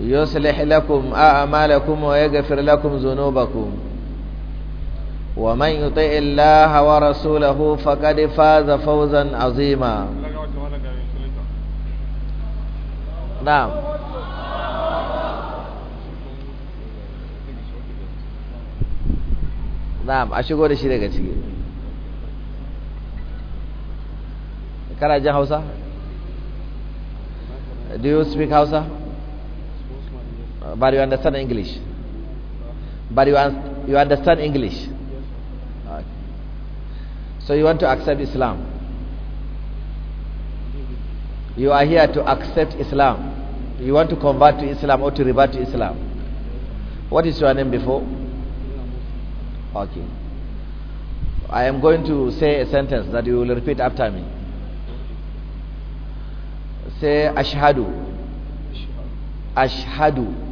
يصلح لكم أعمالكم ويغفر لكم ذنوبكم ومن يطع الله ورسوله فقد فاز فوزا عظيما نعم نعم أشكو da shi daga ciki kana jin Hausa do you speak Hausa Uh, but you understand English. But you, un you understand English. Okay. So you want to accept Islam. You are here to accept Islam. You want to convert to Islam or to revert to Islam. What is your name before? Okay. I am going to say a sentence that you will repeat after me. Say, Ashhadu. Ashhadu.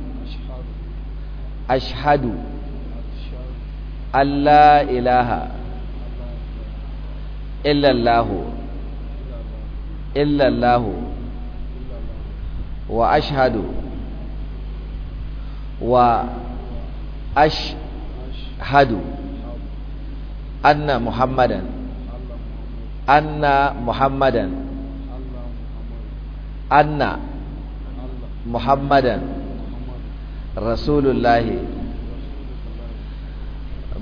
ashhadu Allah ilaha illallahu illallahu wa ashhadu wa ashhadu anna muhammadan anna muhammadan anna muhammadan Rasulullahi.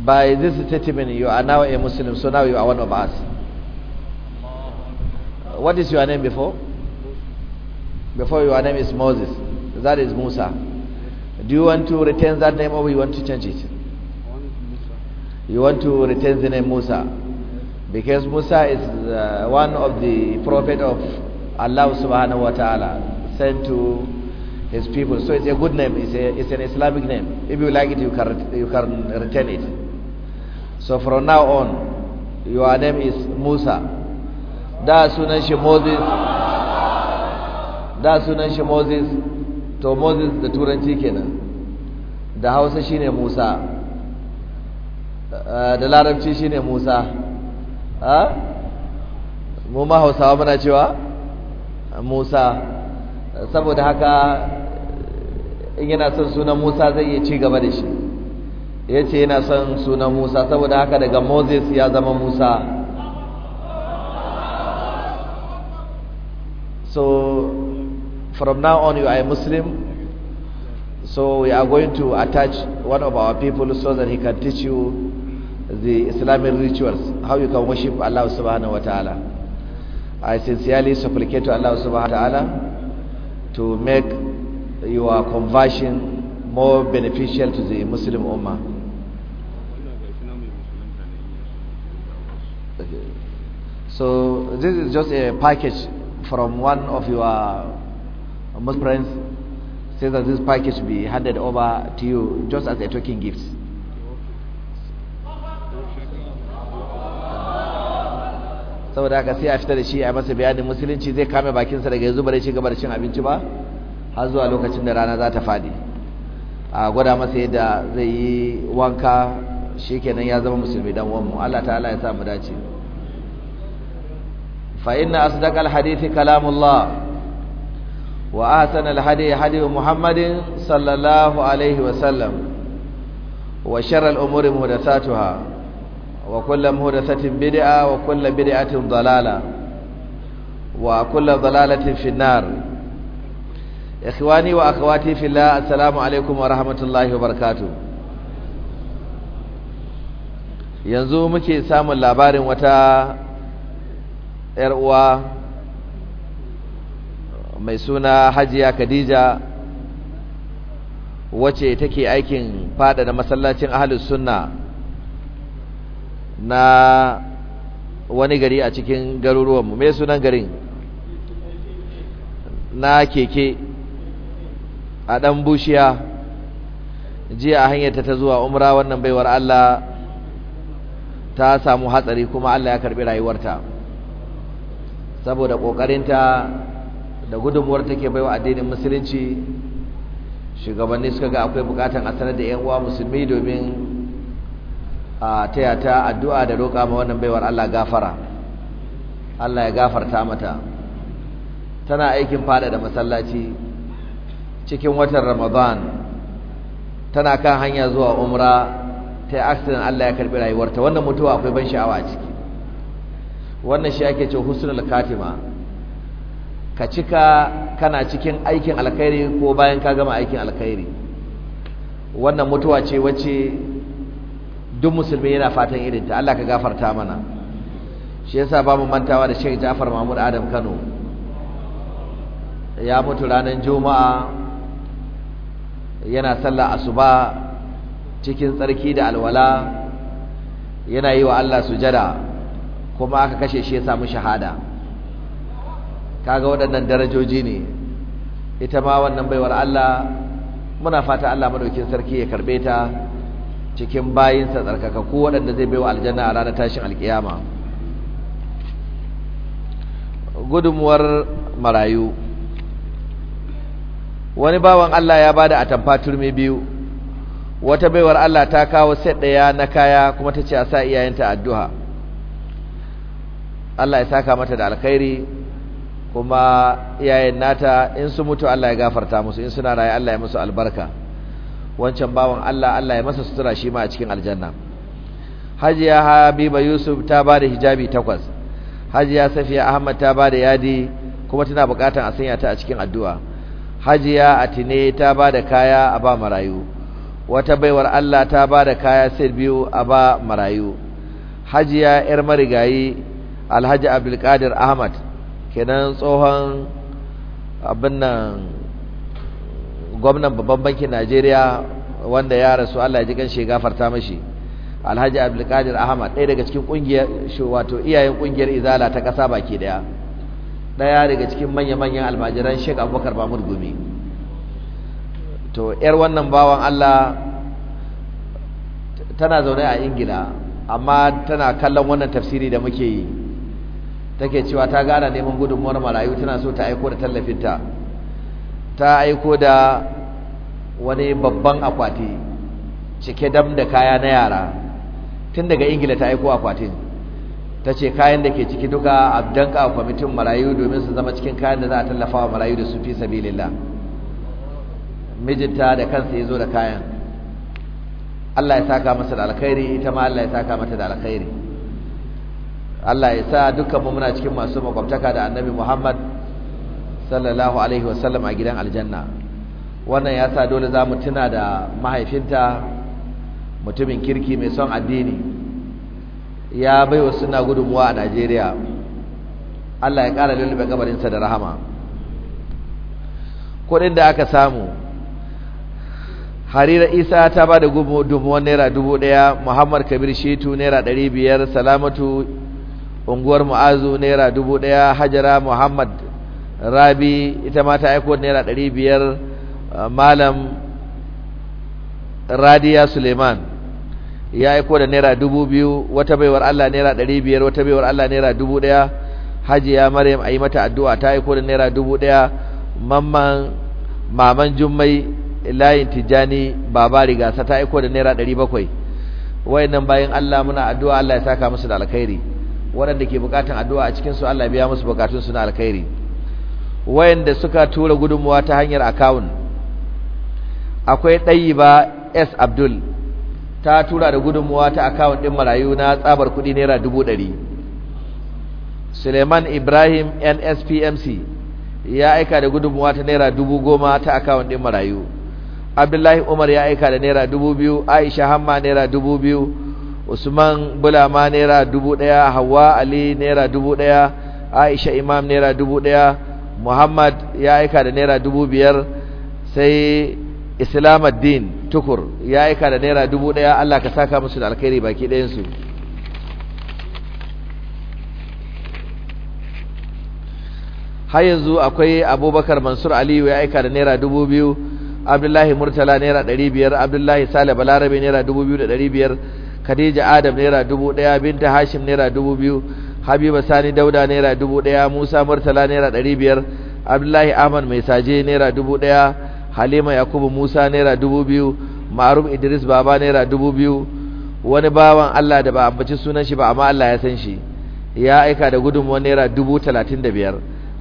By this statement, you are now a Muslim, so now you are one of us. What is your name before? Before your name is Moses. That is Musa. Do you want to retain that name or you want to change it? You want to retain the name Musa. Because Musa is uh, one of the prophet of Allah subhanahu wa ta'ala sent to his people. So it's a good name. It's, a, it's an Islamic name. If you like it, you can, you can retain it. So from now on, your name is Musa. Da sunan shi Moses. Da sunan shi Moses. To Moses da Turanci kenan. Da Hausa shine Musa. Da uh, Larabci shine Musa. Ha? Mu ma Hausawa Musa. cewa Musa. Saboda haka in yana son sunan Musa zai iya ci gaba da shi ya ce yana son sunan Musa saboda haka daga Moses ya zama Musa so from now on you are a Muslim so we are going to attach one of our people so that he can teach you the Islamic rituals how you can worship Allah subhanahu wa ta'ala I sincerely supplicate to Allah subhanahu wa ta'ala to make your conversion more beneficial to the Muslim Ummah? So this is just a package from one of your Muslim friends. Says that this package be handed over to you just as a token gift. saboda haka sai a fita da shi a masa bayanin musulunci zai kame bakinsa daga yanzu bare ci gaba da cin abinci ba har zuwa lokacin da rana za ta faɗi a gwada masa yadda zai yi wanka shi kenan ya zama musulmi dan uwanmu Allah ta'ala ya sa mu dace fa inna asdaqal hadithi kalamullah wa ahsanal hadi hadi muhammadin sallallahu alaihi wa sallam wa sharral umuri muhdathatuha wa kullu muhdathatin bid'a wa kullu bid'atin dalala wa kullu dalalatin finnar ikhwani wa akhawati fillah assalamu alaikum wa rahmatullahi wa barakatuh yanzu muke samun labarin wata yar uwa mai suna Hajiya Khadija wacce take aikin fada da masallacin Ahlus Sunna na wani gari a cikin garuruwanmu me sunan garin na keke a ɗan bushiya jiya a hanyarta ta zuwa umra wannan baiwar Allah ta samu hatsari kuma Allah ya karɓi rayuwarta saboda ƙoƙarinta da gudunmuwar take baiwa addinin musulunci shugabanni suka ga akwai buƙatar a sanar da 'yan uwa musulmi domin a taya ta addu'a da roƙa ma wannan baiwar Allah gafara Allah ya gafarta mata tana aikin fada da masallaci cikin watan ramadan tana kan hanya zuwa umra ta yi accident Allah ya karbi rayuwarta wannan mutuwa akwai ban sha'awa a ciki wannan shi ake ce husnul katima ka cika kana cikin aikin alkhairi ko bayan ka gama aikin alkhairi wannan mutuwa ce wacce duk musulmi yana fatan irinta Allah ka gafarta mana shi yasa ba mu mantawa da shek Ja'far Mahmud Adam Kano ya mutu ranar Juma'a yana sallah asuba cikin tsarki da alwala yana yi wa Allah sujada kuma aka kashe shi ya samu shahada kaga waɗannan darajoji ne ita ma wannan baiwar Allah muna fata Allah madaukin sarki ya karbe ta cikin bayinsa ko waɗanda zai baiwa aljanna a ranar tashin alkiyama gudunmuwar marayu wani bawan Allah ya bada atamfa turmi biyu wata baiwar Allah ta kawo set daya na kaya kuma ta ce a sa iyayenta addu'a Allah ya saka mata da alkhairi kuma iyayen nata in su mutu Allah ya gafarta musu in suna raye Allah ya musu albarka wancan bawan Allah Allah ya masa sutura shi ma a cikin aljanna Hajiya Habiba Yusuf ta bada hijabi takwas Hajiya Safiya Ahmad ta bada yadi kuma tana bukatan a sanya ta a cikin addu'a hajiya a tine ta ba da kaya a ba marayu wata baiwar Allah ta ba da kaya sai biyu a ba marayu hajiya yar marigayi alhaji abdulkadir ahmad kenan tsohon abin nan gwamnan babban bankin najeriya wanda ya rasu Allah ya ji ganshi gafarta mashi alhaji abdulkadir ahmad ɗaya daga cikin ƙungiyar wato iyayen ƙungiyar izala ta ƙasa baki ɗaya. daya daga cikin manya-manyan almajiran Sheikh Abubakar Mahmud Gumi to yar wannan bawan Allah tana zaune a Ingila amma tana kallon wannan tafsiri da muke yi take cewa ta gana neman gudunmuwar marayu tana so ta aiko da tallafinta ta aiko da wani babban akwati cike dam da kaya na yara tun daga ingila ta aiko akwatin ta ce kayan da ke ciki duka a abdanka a kwamitin marayu domin su zama cikin kayan da za a tallafa wa marayu da su fi lilla mijinta da kansa ya zo da kayan Allah ya saka masa da alkhairi ita ma Allah ya saka mata da alkhairi Allah ya sa dukkanmu muna cikin masu makwabtaka da annabi Muhammad sallallahu alaihi wasallam a gidan aljanna wannan ya sa dole za mu tuna da mahaifinta mutumin kirki mai son addini ya baiwa suna gudunmuwa a Najeriya Allah ya ƙara lullube kabarinsa da rahama kuɗin da aka samu harira isa ta ba da gudunmuwan naira dubu ɗaya muhammad kabir shetu naira ɗari biyar salamatu unguwar mu'azu naira dubu ɗaya hajara muhammad rabi ita ma ta aiko naira ɗari biyar malam radiya suleiman ya aiko da naira dubu biyu wata baiwar Allah naira ɗari biyar wata baiwar Allah naira dubu ɗaya hajiya maryam a yi mata addu'a ta aiko da naira dubu ɗaya mamman maman jummai layin tijjani baba rigasa ta aiko da naira ɗari bakwai wayannan bayan Allah muna addu'a Allah ya saka musu da alkhairi waɗanda ke buƙatan addu'a a cikin su Allah biya musu bukatunsu na alkhairi wayanda suka tura gudunmuwa ta hanyar akawun akwai ɗayiba S Abdul ta tura da gudunmuwa ta akawun ɗin marayu na tsabar kuɗi naira dubu ɗari suleiman ibrahim nspmc ya aika da gudunmuwa ta naira dubu goma ta akawun ɗin marayu abdullahi umar ya aika da naira dubu biyu aisha hamma naira dubu biyu usman bulama naira dubu ɗaya hawa ali naira dubu ɗaya aisha imam naira dubu ɗaya muhammad ya aika da naira dubu biyar sai islamuddin tukur ya aika da naira dubu daya Allah ka saka musu da alkhairi baki ɗayansu har yanzu akwai abubakar mansur aliyu ya aika da naira dubu biyu abdullahi murtala naira ɗari biyar abdullahi sale balarabe naira dubu biyu da ɗari biyar khadija adam naira dubu ɗaya binta hashim naira dubu biyu habiba sani dauda naira dubu ɗaya musa murtala naira ɗari biyar abdullahi ahmad mai saje naira dubu ɗaya halima yakubu musa naira dubu biyu ma'aruf idris baba naira dubu biyu wani bawan allah da ba a ambaci sunan shi ba amma allah ya san shi ya aika da gudunmuwa naira dubu talatin da biyar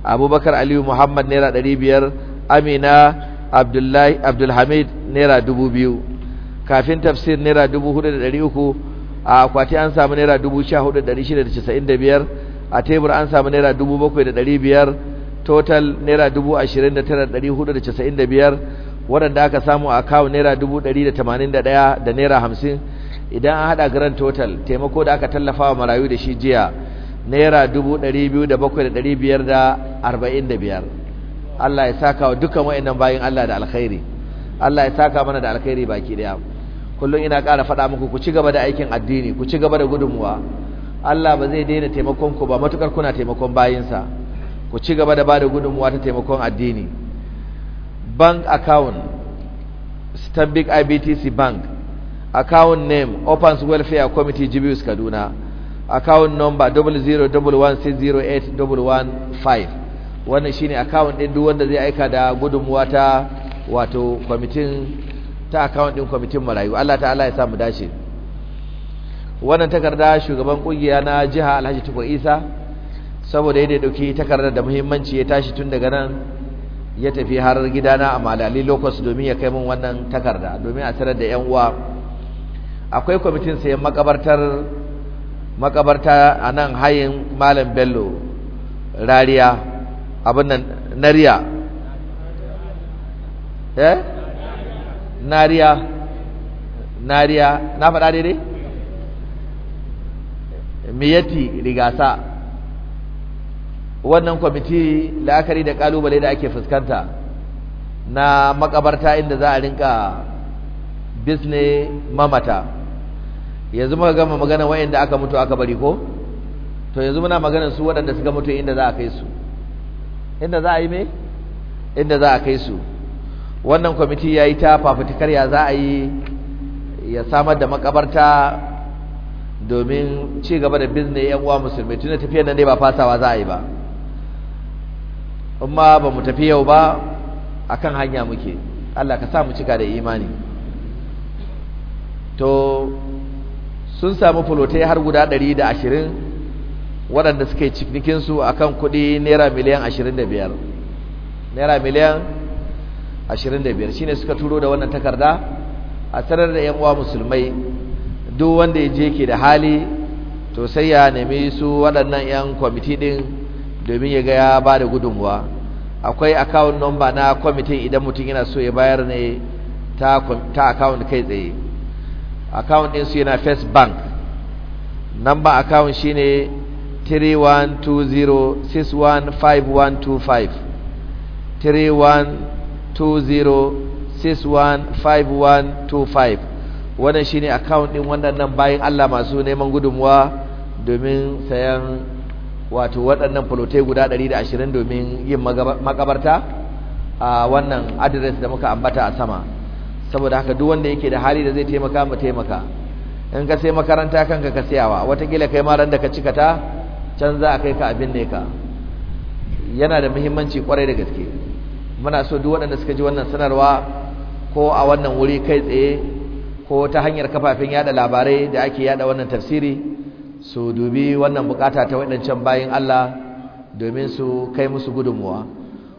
abubakar aliyu muhammad naira ɗari biyar amina abdullahi abdulhamid naira dubu biyu kafin tafsir naira dubu hudu da ɗari uku a akwati an samu naira dubu sha hudu da ɗari shida da casa'in da biyar a tebur an samu naira dubu bakwai da ɗari biyar total naira 29495 waɗanda aka samu a kawo naira 181 da naira 50 idan an haɗa grand total taimako da aka tallafa wa marayu da shi jiya naira biyar. Allah ya saka wa dukkan wa'annan bayin Allah da alkhairi Allah ya saka mana da alkhairi baki daya kullum ina ƙara faɗa muku ku ci gaba da aikin addini ku ci gaba da gudunmuwa Allah ba zai daina taimakon ku ba matukar kuna taimakon bayinsa ku ci gaba da bada gudunmuwa ta taimakon addini bank account stanbic ibtc bank account name opens welfare committee jibius kaduna account number 0016081115 wannan shine account din duk wanda zai aika da gudunmuwa ta wato kwamitin ta account din kwamitin marayu Allah ta'ala ya samu dace wannan takarda shugaban kungiya na jiha Alhaji Tukur Isa saboda yadda ya dauki takardar da muhimmanci ya tashi tun daga nan ya tafi har gidana a malali locus domin ya kai min wannan takarda domin a tarar da yan uwa akwai kwamitin sayan makabartar makabarta a nan hayin malam bello rariya abin nan nariya eh nariya nariya na faɗa daidai miyati rigasa wannan kwamiti la'akari da kalubale da ake fuskanta na makabarta inda za a rinka bisne mamata yanzu muka gama magana wayanda aka mutu aka bari ko to yanzu muna magana su waɗanda suka mutu inda za a kai su inda za a yi me inda za a kai su wannan kwamiti ya yi ta fafutukar ya za a yi ya samar da makabarta domin ci gaba da bisne yan uwa musulmi da tafiyar nan dai ba fasawa za a yi ba amma ma ba mu tafi yau ba akan hanya muke Allah ka sa mu cika da imani to sun samu fulotai har guda 120 waɗanda suka yi cinikinsu a kuɗi naira miliyan 25 naira miliyan 25 shine suka turo da wannan takarda a sanar da 'yan uwa musulmai duk wanda ya je ke da hali to sai ya nemi su waɗannan 'yan kwamiti ɗin domin ya ga ya ba da gudunmuwa akwai account number na kwamitin idan mutum yana so ya bayar ne ta ta account kai tsaye account ɗinsu yana first bank number account shine 3120615125 3120615125 wannan ne account ɗin wannan nan bayan Allah masu neman gudunmuwa domin sayan wato waɗannan fulotai guda 120 domin yin makabarta a wannan adres da muka ambata a sama saboda haka duk wanda yake da hali da zai taimaka mu taimaka in ka sai makaranta kanka ka sayawa watakila kai ma ran da ka cika ta can za a kai ka abin ne ka yana da muhimmanci kwarai da gaske muna so duk waɗanda suka ji wannan sanarwa ko a wannan wuri kai tsaye ko ta hanyar kafafen yada labarai da ake yada wannan tafsiri su dubi wannan bukata ta waɗancan bayan Allah domin su kai musu gudunmuwa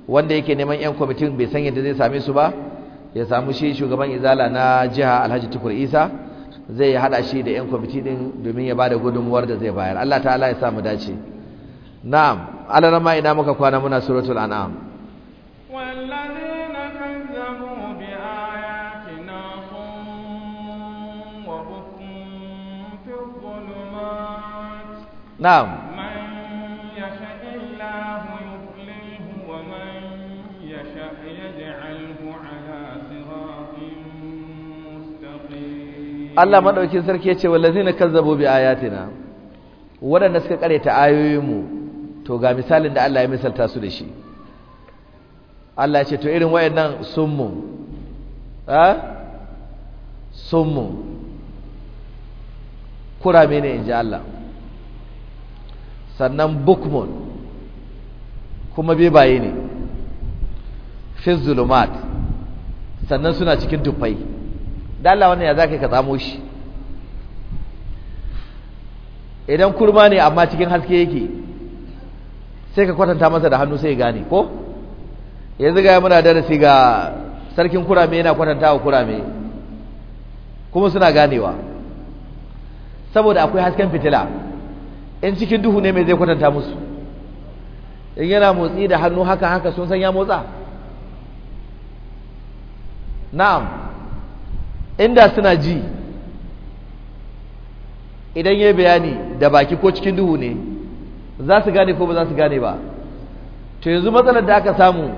wanda yake neman yan kwamitin bai san yadda zai same su ba ya samu shi shugaban izala na jiha alhaji tukur isa zai haɗa shi da yan kwamiti ɗin domin ya ba da gudunmuwar da zai bayar Allah ta'ala ya samu dace na'am alarama ina muka kwana muna suratul an'am نعم Allah maɗaukin Sarki ya ce, يشاء na على صراط bi ayatina wadanda suka karyata ayoyinmu to ga misalin da Allah ya misalta su da shi Allah ya ce to irin wayannan sunmu, ha summu mene in ji Allah sannan bukmun kuma bebaye ne fi zulumat sannan suna cikin dufai dala wannan ya za ka tsamo shi idan kurma ne amma cikin haske yake sai ka kwatanta masa da hannu sai gane ko yanzu ga muna darasi ga sarkin kurame yana kwatanta wa kurame kuma suna ganewa saboda akwai hasken fitila in cikin duhu ne mai zai kwatanta musu in yana motsi da hannu haka haka sun san ya motsa na'am inda suna ji idan ya bayani da baki ko cikin duhu ne za su gane ko ba za su gane ba to yanzu matsalar da aka samu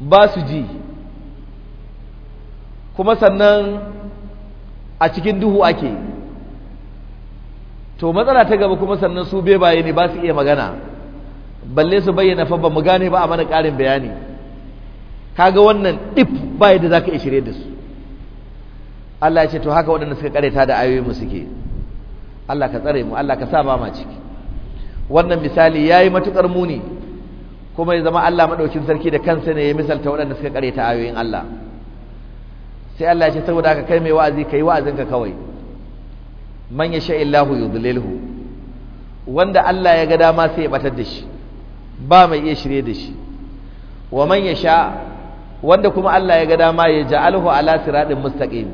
ba su ji kuma sannan a cikin duhu ake to matsala ta gaba kuma sannan su bebaye ne ba su iya magana balle su bayyana fa ba mu gane ba a mana ƙarin bayani kaga wannan if ba yadda zaka iya shirye da su Allah ya ce to haka waɗanda suka kareta da ayoyin mu suke Allah ka tsare mu Allah ka sa ba ma ciki wannan misali yayi matukar muni kuma ya zama Allah madaukin sarki da kansa ne ya misalta waɗanda suka kareta ayoyin Allah sai Allah ya ce saboda haka kai mai wa'azi kai wa'azinka kawai man yasha illahu yudlilhu wanda Allah ya ga dama sai ya batar da shi ba mai iya shirye da shi wa man yasha wanda kuma Allah ya ga dama ya ja'alhu ala siratin mustaqim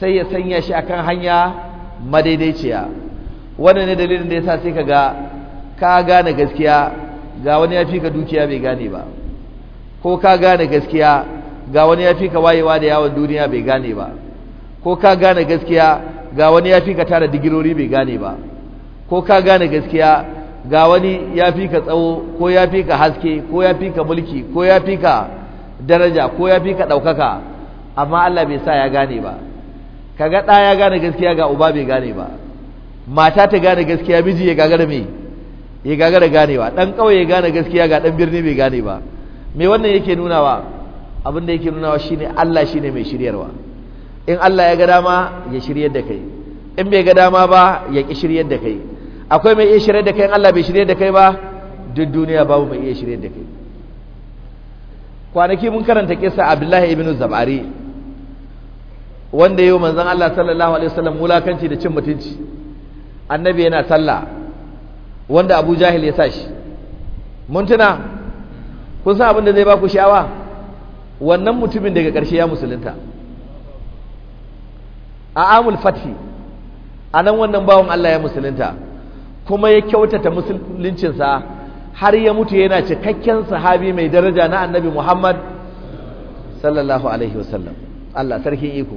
sai ya sanya shi akan hanya madaidaiciya wannan ne dalilin da ya sa sai kaga ka gane gaskiya ga wani ya fi ka dukiya bai gane ba ko ka gane gaskiya ga wani ya fi ka wayewa da yawon duniya bai gane ba ko ka gane gaskiya ga wani ya fi ka tara digirori bai gane ba ko ka gane gaskiya ga wani ya fi ka tsawo ko ya fi ka haske ko ya fi ka mulki ko ya fi ka daraja ko ya fi ka ɗaukaka amma Allah bai sa ya gane ba kaga ɗa ya gane gaskiya ga uba bai gane ba mata ta gane gaskiya miji ya gagara me ya gagara ganewa ɗan ƙauye ya gane gaskiya ga ɗan birni bai gane ba me wannan yake nunawa abin da yake nunawa shine Allah shine mai shiryarwa in Allah ya ga dama ya shiryar da kai in bai ga dama ba ya ki shiryar da kai akwai mai iya shiryar da kai in Allah bai shiryar da kai ba duk duniya babu mai iya shiryar da kai kwanaki mun karanta kisa Abdullahi ibn Zabari wanda yau manzon Allah sallallahu alaihi wasallam mulakanci da cin mutunci annabi yana sallah wanda Abu Jahil ya sashi. mun tuna kun san abin da zai ba ku sha'awa wannan mutumin daga ƙarshe ya musulunta a amul fathi a nan wannan bawan Allah ya musulunta kuma ya kyautata musuluncinsa har ya mutu yana cikakken sahabi mai daraja na annabi Muhammad sallallahu alaihi wasallam Allah sarkin iko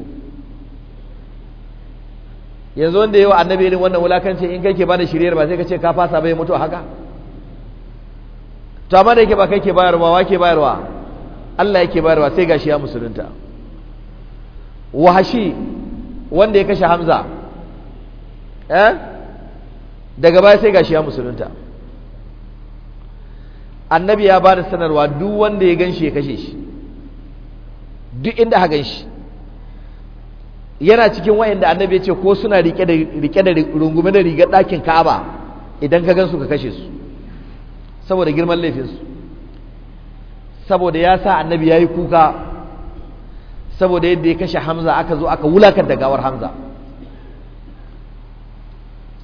yanzu wanda yawa annabi irin wannan wulakanci in kai ke bada shiriyar ba sai ka ce ka fasa bai mutu haka to amma da yake ba kai ke bayarwa wa ke bayarwa Allah yake bayarwa sai gashi ya musulunta wahashi wanda ya kashe hamza eh? daga baya sai gashi ya musulunta annabi ya ba da sanarwa duk wanda ya ganshi ya kashe shi duk inda ha ganshi yana cikin wayanda annabi ya ce ko suna rike da rungume da rigar ɗakin Ka'aba idan ka gansu ka kashe su saboda girman laifinsu saboda ya sa annabi ya yi kuka saboda yadda ya kashe hamza aka zo aka wulakar da gawar hamza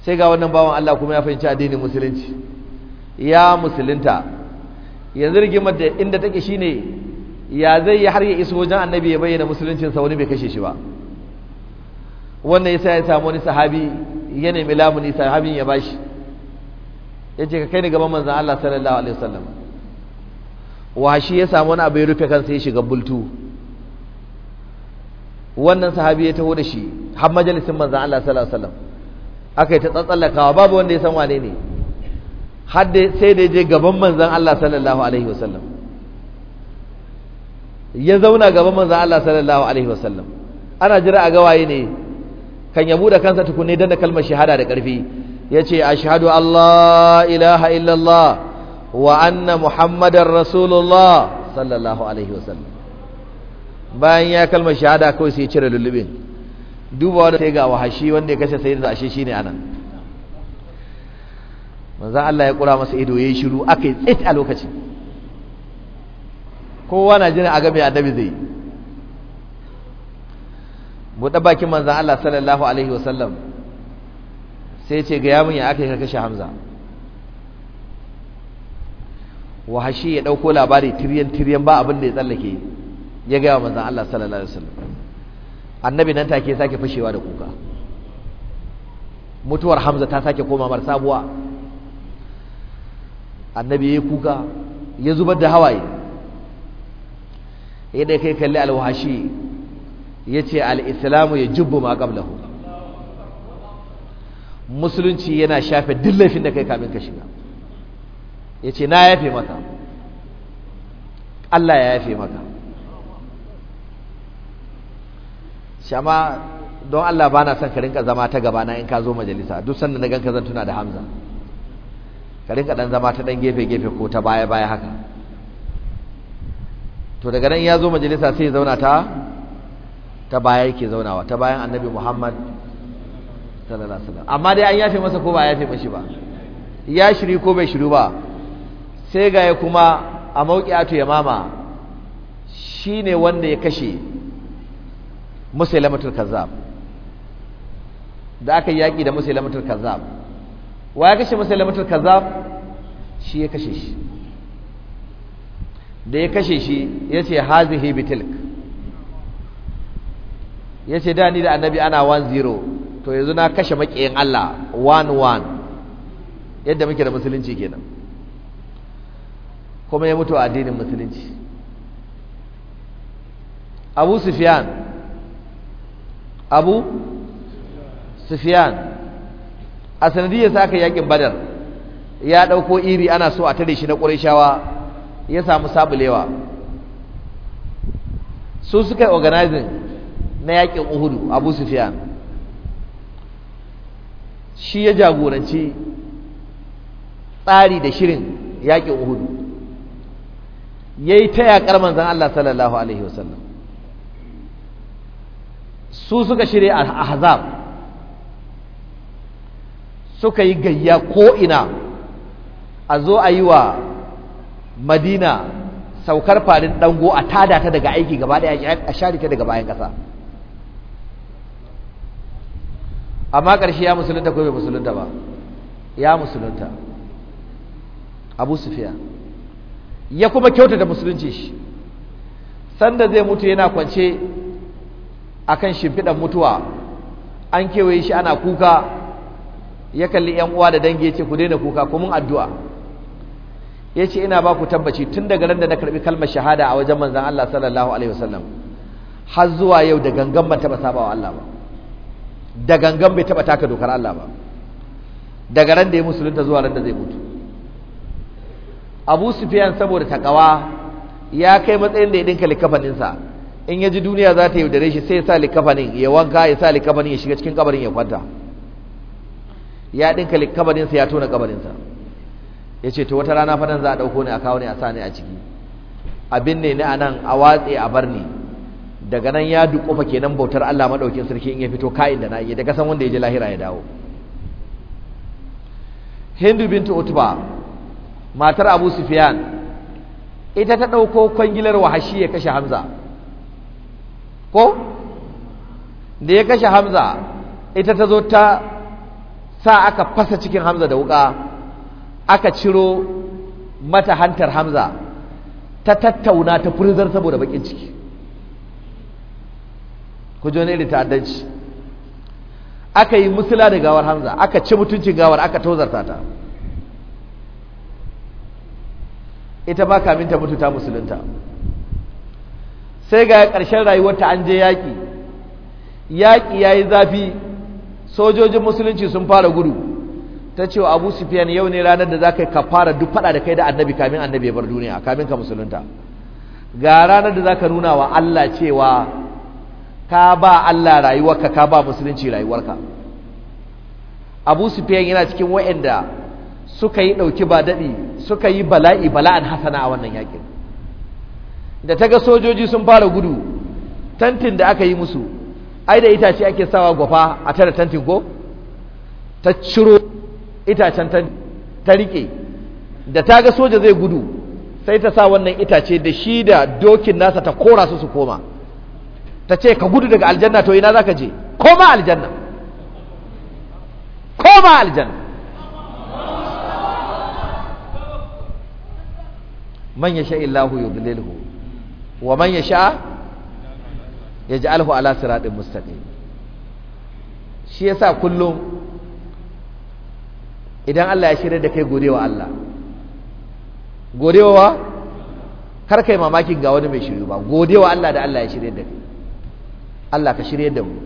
sai ga wannan bawan Allah kuma ya fahimci addinin musulunci ya musulunta yanzu rigimar da inda take shine ya zai yi har ya iso wajen annabi ya bayyana musuluncinsa wani bai kashe shi ba wannan yasa ya samu wani sahabi ya nemi lamuni sahabin ya bashi ya ce ka kai ni gaban manzon Allah sallallahu alaihi wasallam shi ya samu wani abu ya rufe kansa ya shiga bultu wannan sahabi ya taho da shi har majalisin manzon Allah sallallahu alaihi wasallam aka yi ta tsatsallakawa babu wanda ya san wane ne har sai da je gaban manzan Allah sallallahu alaihi wasallam ya zauna gaban manzan Allah sallallahu alaihi wasallam ana jira a gawaye ne kan ya bude kansa tukunne dan da kalmar shahada da karfi yace ashhadu Allah ilaha illallah wa anna muhammadar rasulullah sallallahu alaihi wasallam bayan ya kalmar shahada kawai sai cire lullubin duba wanda sai ga wahashi wanda ya kashe sayyidina ashe shine anan manzo Allah ya kura masa ido yayi shiru akai tsit a lokacin kowa na jira a ga me annabi zai buɗe bakin manzo Allah sallallahu alaihi wasallam sai ce ga yamin ya akai ka kashe Hamza wahashi ya dauko labari tiryan tiryan ba abin da ya tsallake ya gaya wa manzon Allah sallallahu alaihi wasallam annabi nan take sake fashewa da kuka mutuwar Hamza ta sake koma mar sabuwa annabi yayi kuka ya zubar da hawaye yadda kai kalli alwashi yace al ya yajubbu ma qablahu musulunci yana shafe duk da kai kamin ka shiga yace na yafe maka Allah ya yafe maka shama don Allah ba na son ka rinka zama ta gabana in ka zo majalisa duk sanda na ganka zan tuna da Hamza ka rinka dan zama ta dan gefe gefe ko ta baya baya haka to daga nan ya zo majalisa sai ya zauna ta ta baya yake zaunawa ta bayan Annabi Muhammad sallallahu alaihi amma dai an yafe masa ko ba yafe mashi ba ya shiri ko bai shiru ba sai ga ya kuma a mauki ato ya mama shine wanda ya kashe musailamatul kazzab da aka yi yaƙi da musailamatul kazzab wa ya kashe musailamatul kazzab shi ya kashe shi da ya kashe shi ya ce hazihi bitilk ya ce da ni da annabi ana 1-0 to yanzu na kashe maƙiyin Allah 1-1 yadda muke da musulunci kenan kuma ya mutu a addinin musulunci abu sufiyan abu sufiyan a sanadiyar sa aka yakin badar ya ɗauko iri ana so a tare shi na ƙurishawa ya samu sabulewa su suka yi organizing na yakin uhudu abu sufiyan shi ya jagoranci tsari da shirin yakin uhudu ya yi ta yaƙar manzan Allah sallallahu Alaihi wasallam su suka shirya ahzab suka yi gayya ko'ina a zo a yi wa madina saukar farin dango a tada ta daga aiki gaba daya a sha daga bayan ƙasa amma ƙarshe ya musulunta ko bai musulunta ba ya musulunta abu sufiya ya kuma kyauta da musulunci shi sanda zai mutu yana kwance akan shimfiɗar mutuwa an kewaye shi ana kuka ya kalli yan uwa da dangi ya ce ku daina kuka ku mun addu'a ce ina ba ku tabbaci tun daga ran da na karbi kalmar shahada a wajen manzon Allah sallallahu alaihi wasallam har zuwa yau da gangan ban taba sabawa Allah ba da gangan bai taba taka dokar Allah ba daga ran da ya musulunta zuwa ran da zai mutu Abu Sufyan saboda takawa ya kai matsayin da ya dinka likafaninsa in yaji duniya za ta yaudare shi sai ya sa likafanin ya wanka ya sa likafanin ya shiga cikin kabarin ya kwanta ya dinka likafaninsa ya tona kabarinsa ya ce to wata rana fadan za a ɗauko ne a kawo ne a sa ne a ciki abin ne a anan a watse a bar ni daga nan ya duƙufa kenan bautar Allah maɗaukin sarki in ya fito ka'in da na iya daga san wanda ya je lahira ya dawo hindu bintu utba matar abu sufyan ita ta ɗauko kwangilar wahashi ya kashe hamza ko da ya kashe hamza ita ta zo ta sa aka fasa cikin hamza da wuka aka ciro mata hantar hamza ta tattauna ta furzar saboda bakin ciki ku ne da ta'addanci aka yi musula da gawar hamza aka ci mutuncin gawar aka tozarta ta ita ba kamin ta mutu ta musulunta sai ga ƙarshen rayuwarta an je yaƙi yaƙi ya yi zafi sojojin musulunci sun fara gudu ta ce wa abu sufiyan yau ne ranar da za ka yi ka fara duk faɗa da kai da annabi kamin annabi ya bar duniya kamin ka musulunta ga ranar da za ka nuna wa allah cewa ka ba allah rayuwarka ka ba musulunci rayuwarka abu sufiyan yana cikin wa'anda suka yi ɗauki ba daɗi suka yi bala'i bala'an hasana a wannan yaƙin da ta ga sojoji sun fara gudu tantin da aka yi musu ai da itace ake sawa gwafa a tare tantin ko ta ciro itacen ta rike da ta ga soja zai gudu sai ta sa wannan itace da shi da dokin nasa ta kora su su koma ta ce ka gudu daga aljanna to ina za ka je koma aljanna koma aljanna man ya sha illahu yudlilhu wa man yasha yaj'alhu ala siratin mustaqim shi yasa kullum idan Allah ya shirya da kai godewa Allah godewa kar kai mamakin ga wani mai shiryu ba godewa Allah da Allah ya shirya da kai Allah ka shirya da mu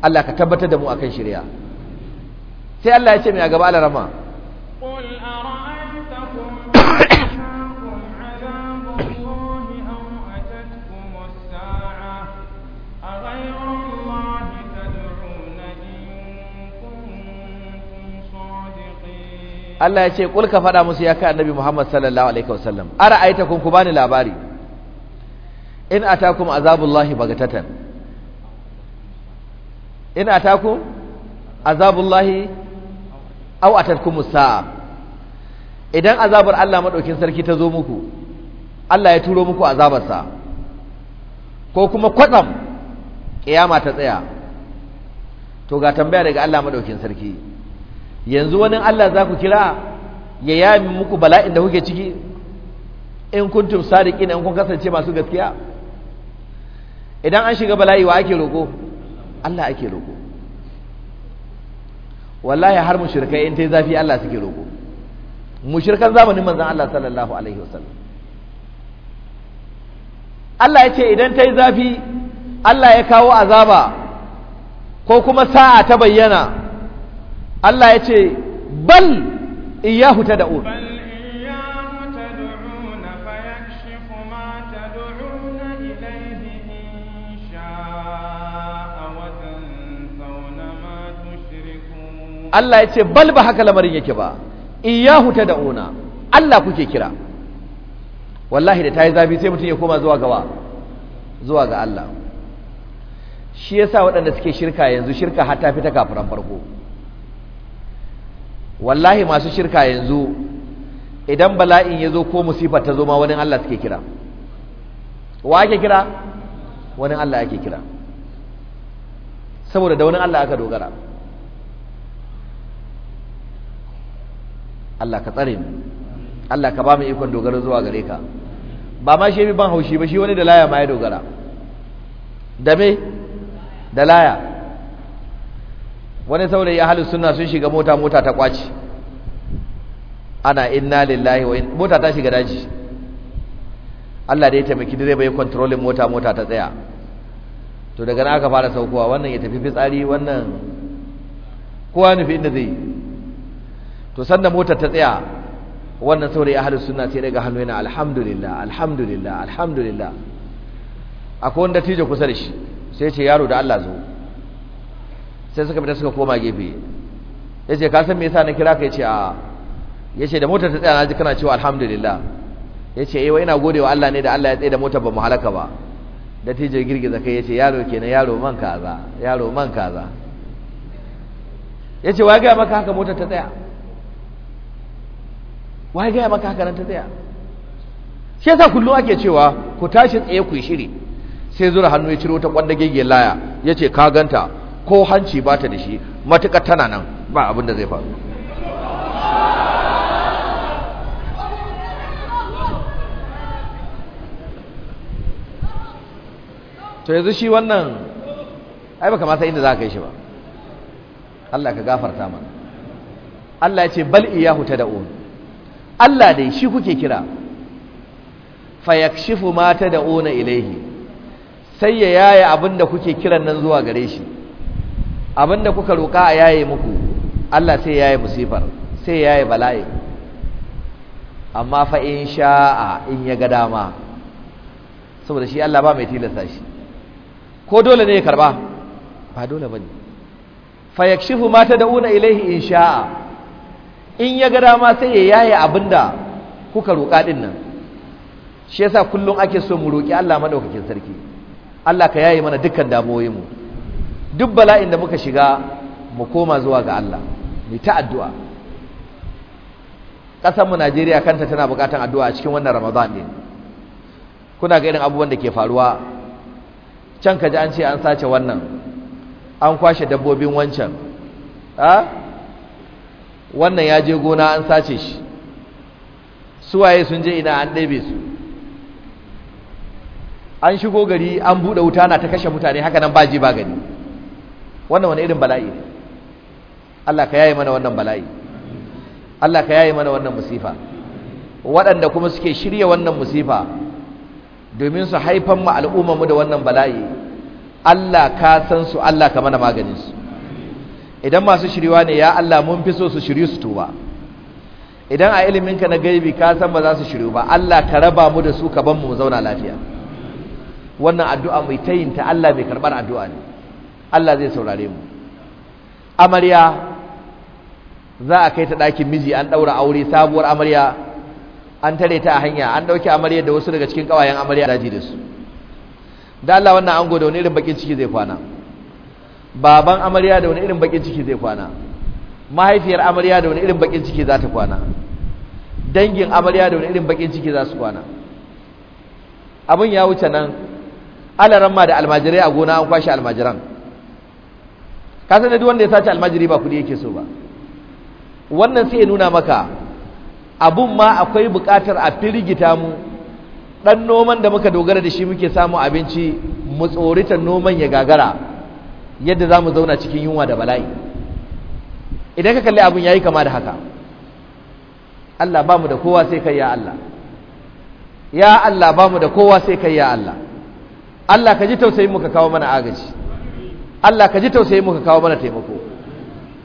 Allah ka tabbatar da mu akan shirya sai Allah ya ce mai a gaba alarama Allah ya ce kul ka faɗa musu ya kai annabi Muhammad sallallahu alaihi wasallam ara kun ku bani labari in atakum azabullahi bagatatan in atakum azabullahi aw atakum sa'a idan azabar Allah madaukin sarki ta zo muku Allah ya turo muku azabar sa ko kuma kwatsam kiyama ta tsaya to ga tambaya daga Allah madaukin sarki yanzu wani Allah za ku kira ya yami muku bala'in da kuke ciki in kuntum sadiqin in kun kasance masu gaskiya idan an shiga bala'i wa ake roƙo Allah ake roƙo wallahi har mushrikai in ta yi zafi Allah suke roƙo mushrikan zamanin manzon Allah sallallahu alaihi wasallam Allah ya ce idan ta yi zafi Allah ya kawo azaba ko kuma sa'a ta bayyana Allah ya ce bal iyahu ta da'un Allah ya ce bal ba haka lamarin yake ba iyahu ta da'una Allah kuke kira wallahi da ta yi zafi sai mutum ya koma zuwa gawa zuwa ga Allah shi yasa waɗanda suke shirka yanzu shirka har ta fi ta kafin farko wallahi masu shirka yanzu idan bala'in ya zo ko musifa ta zo ma wani Allah suke kira wa ake kira wani Allah ake kira saboda da wani Allah aka dogara Allah ka tsare mu Allah ka ba mu ikon dogaro zuwa gare ka ba ma shi ban haushi ba shi wani da laya ma ya dogara da me da laya wani saurayi ahlus suna sun shiga mota mota ta kwaci ana inna lillahi wa mota ta shiga daji Allah da ya taimaki direba ya kontrolin mota mota ta tsaya to daga nan aka fara saukowa wannan ya tafi fitsari wannan kowa nufi inda zai to sanda motar ta tsaya wannan saurayi ahlus sunna sai daga hannu yana alhamdulillah alhamdulillah alhamdulillah akwai wanda tijo kusa da shi sai ce yaro da Allah zo sai suka fita suka koma gefe ya ce kasan me yasa na kira ka ya ce a ya ce da motar ta tsaya na ji kana cewa alhamdulillah ya ce ewa eh, ina gode wa Allah ne da Allah ya tsaye da motar ba mu halaka ba da tijo girgiza kai ya ce yaro na yaro man kaza yaro man kaza ya ce wa gaya maka haka motar ta tsaya wa gaya maka haka nan ta tsaya shi yasa kullum ake cewa ku tashi tsaye ku yi shiri sai zura hannu ya ciro ta kwanda gege laya ya ce ka ganta ko hanci ba ta da shi matuƙar tana nan ba abin da zai faru to yanzu shi wannan ai baka ma san inda za ka yi shi ba Allah ka gafarta mana Allah ya ce bal iyahu tad'un Allah dai shi kuke kira yakshifu ma na ilaihi sai ya yaya abinda kuke kiran nan zuwa gare shi abinda kuka roƙa a yaye muku Allah sai yaye musifar sai yaye bala'i amma fa in sha'a in ya ga dama saboda shi Allah ba mai tilasta shi ko dole ne ya karba ba dole bane fa yakshifu ma tad'una ilaihi in sha'a in ya ga dama sai ya yaye abinda kuka roƙa din nan shi yasa kullum ake so mu roƙi Allah madaukakin sarki Allah ka yaye mana dukkan damuwoyinmu mu duk bala'in da muka shiga mu koma zuwa ga Allah mu ta addu'a ƙasar mu Najeriya kanta tana buƙatar addu'a a cikin wannan Ramadan din kuna ga irin abubuwan da ke faruwa can kaji an ce an sace wannan an kwashe dabbobin wancan wannan ya je gona an sace shi suwaye sun je ina an ɗebe su an shigo gari an buɗe wuta na ta kashe mutane haka nan ba ji ba gani wannan wani irin bala'i ne Allah ka yaye mana wannan bala'i Allah ka yaye mana wannan musifa waɗanda kuma suke shirya wannan musifa domin su haifan mu al'umma mu da wannan bala'i Allah ka san su Allah ka mana maganin su idan masu shiriwa ne ya Allah mun fi so su shiryu su tuba idan a iliminka na gaibi ka san ba za su shiryu ba Allah ka raba mu da su ka ban mu zauna lafiya wannan addu'a mai tayin ta Allah mai karbar addu'a ne Allah zai saurare mu amarya za a kai ta ɗakin miji an ɗaura aure sabuwar amarya an tare ta a hanya an ɗauki amarya da wasu daga cikin ƙawayen amarya daji da su da Allah wannan ango da wani irin bakin ciki zai kwana baban amarya da wani irin bakin ciki zai kwana mahaifiyar amarya da wani irin bakin ciki za ta kwana dangin amarya da wani irin bakin ciki za su kwana abin ya wuce nan alaran ma da almajirai a gona an kwashe almajiran ka san duk wanda ya sace almajiri ba kudi yake so ba wannan sai ya nuna maka abun ma akwai buƙatar a firgita mu dan noman da muka dogara da shi muke samu abinci mu tsorita noman ya gagara yadda za mu zauna cikin yunwa da bala'i idan ka kalli abin yayi kama da haka Allah ba mu da kowa sai kai ya Allah ya Allah ba mu da kowa sai kai ya Allah Allah ka ji tausayin mu ka kawo mana agaji Allah ka ji tausayi muka kawo mana taimako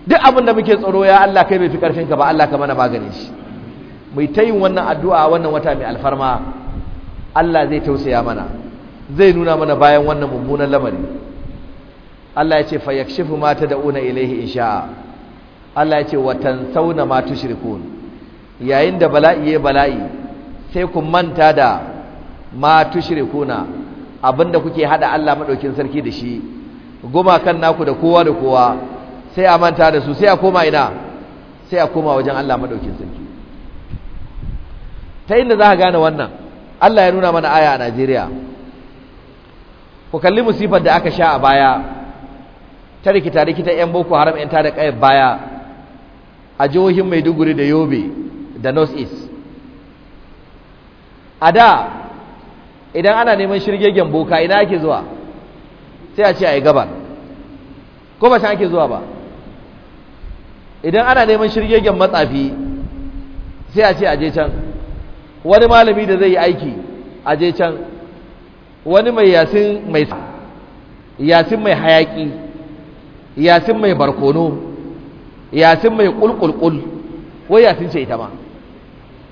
duk abin da muke tsaro ya Allah kai bai fi karfin ka ba Allah ka mana maganin shi mu ta yin wannan addu'a wannan wata mai alfarma Allah zai tausaya mana zai nuna mana bayan wannan mummunan lamari Allah ya ce fa yakshifu ma tad'una ilaihi insha Allah ya ce wa tansawna ma tushrikun yayin da bala'i ya bala'i sai ku manta da ma tushrikuna abinda kuke hada Allah madaukin sarki da shi Goma kan naku da kowa da kowa sai a manta da su sai a koma ina sai a koma wajen Allah madaukin sarki ta inda za ka gane wannan Allah ya nuna mana aya a Najeriya ku kalli musifar da aka sha a baya ta rikita rikita yan boko haram yan tada kayan baya a jihohin Maiduguri da Yobe da North East a da idan ana neman shirgegen boka ina ake zuwa sai a ce a yi gabar ko ba can ake zuwa ba idan ana neman shirgegen matsafi sai a ce a je can wani malami da zai yi aiki a je can wani mai yasin mai yasin mai hayaki yasin mai barkono yasin mai kulkulkul wai yasin ce ita ma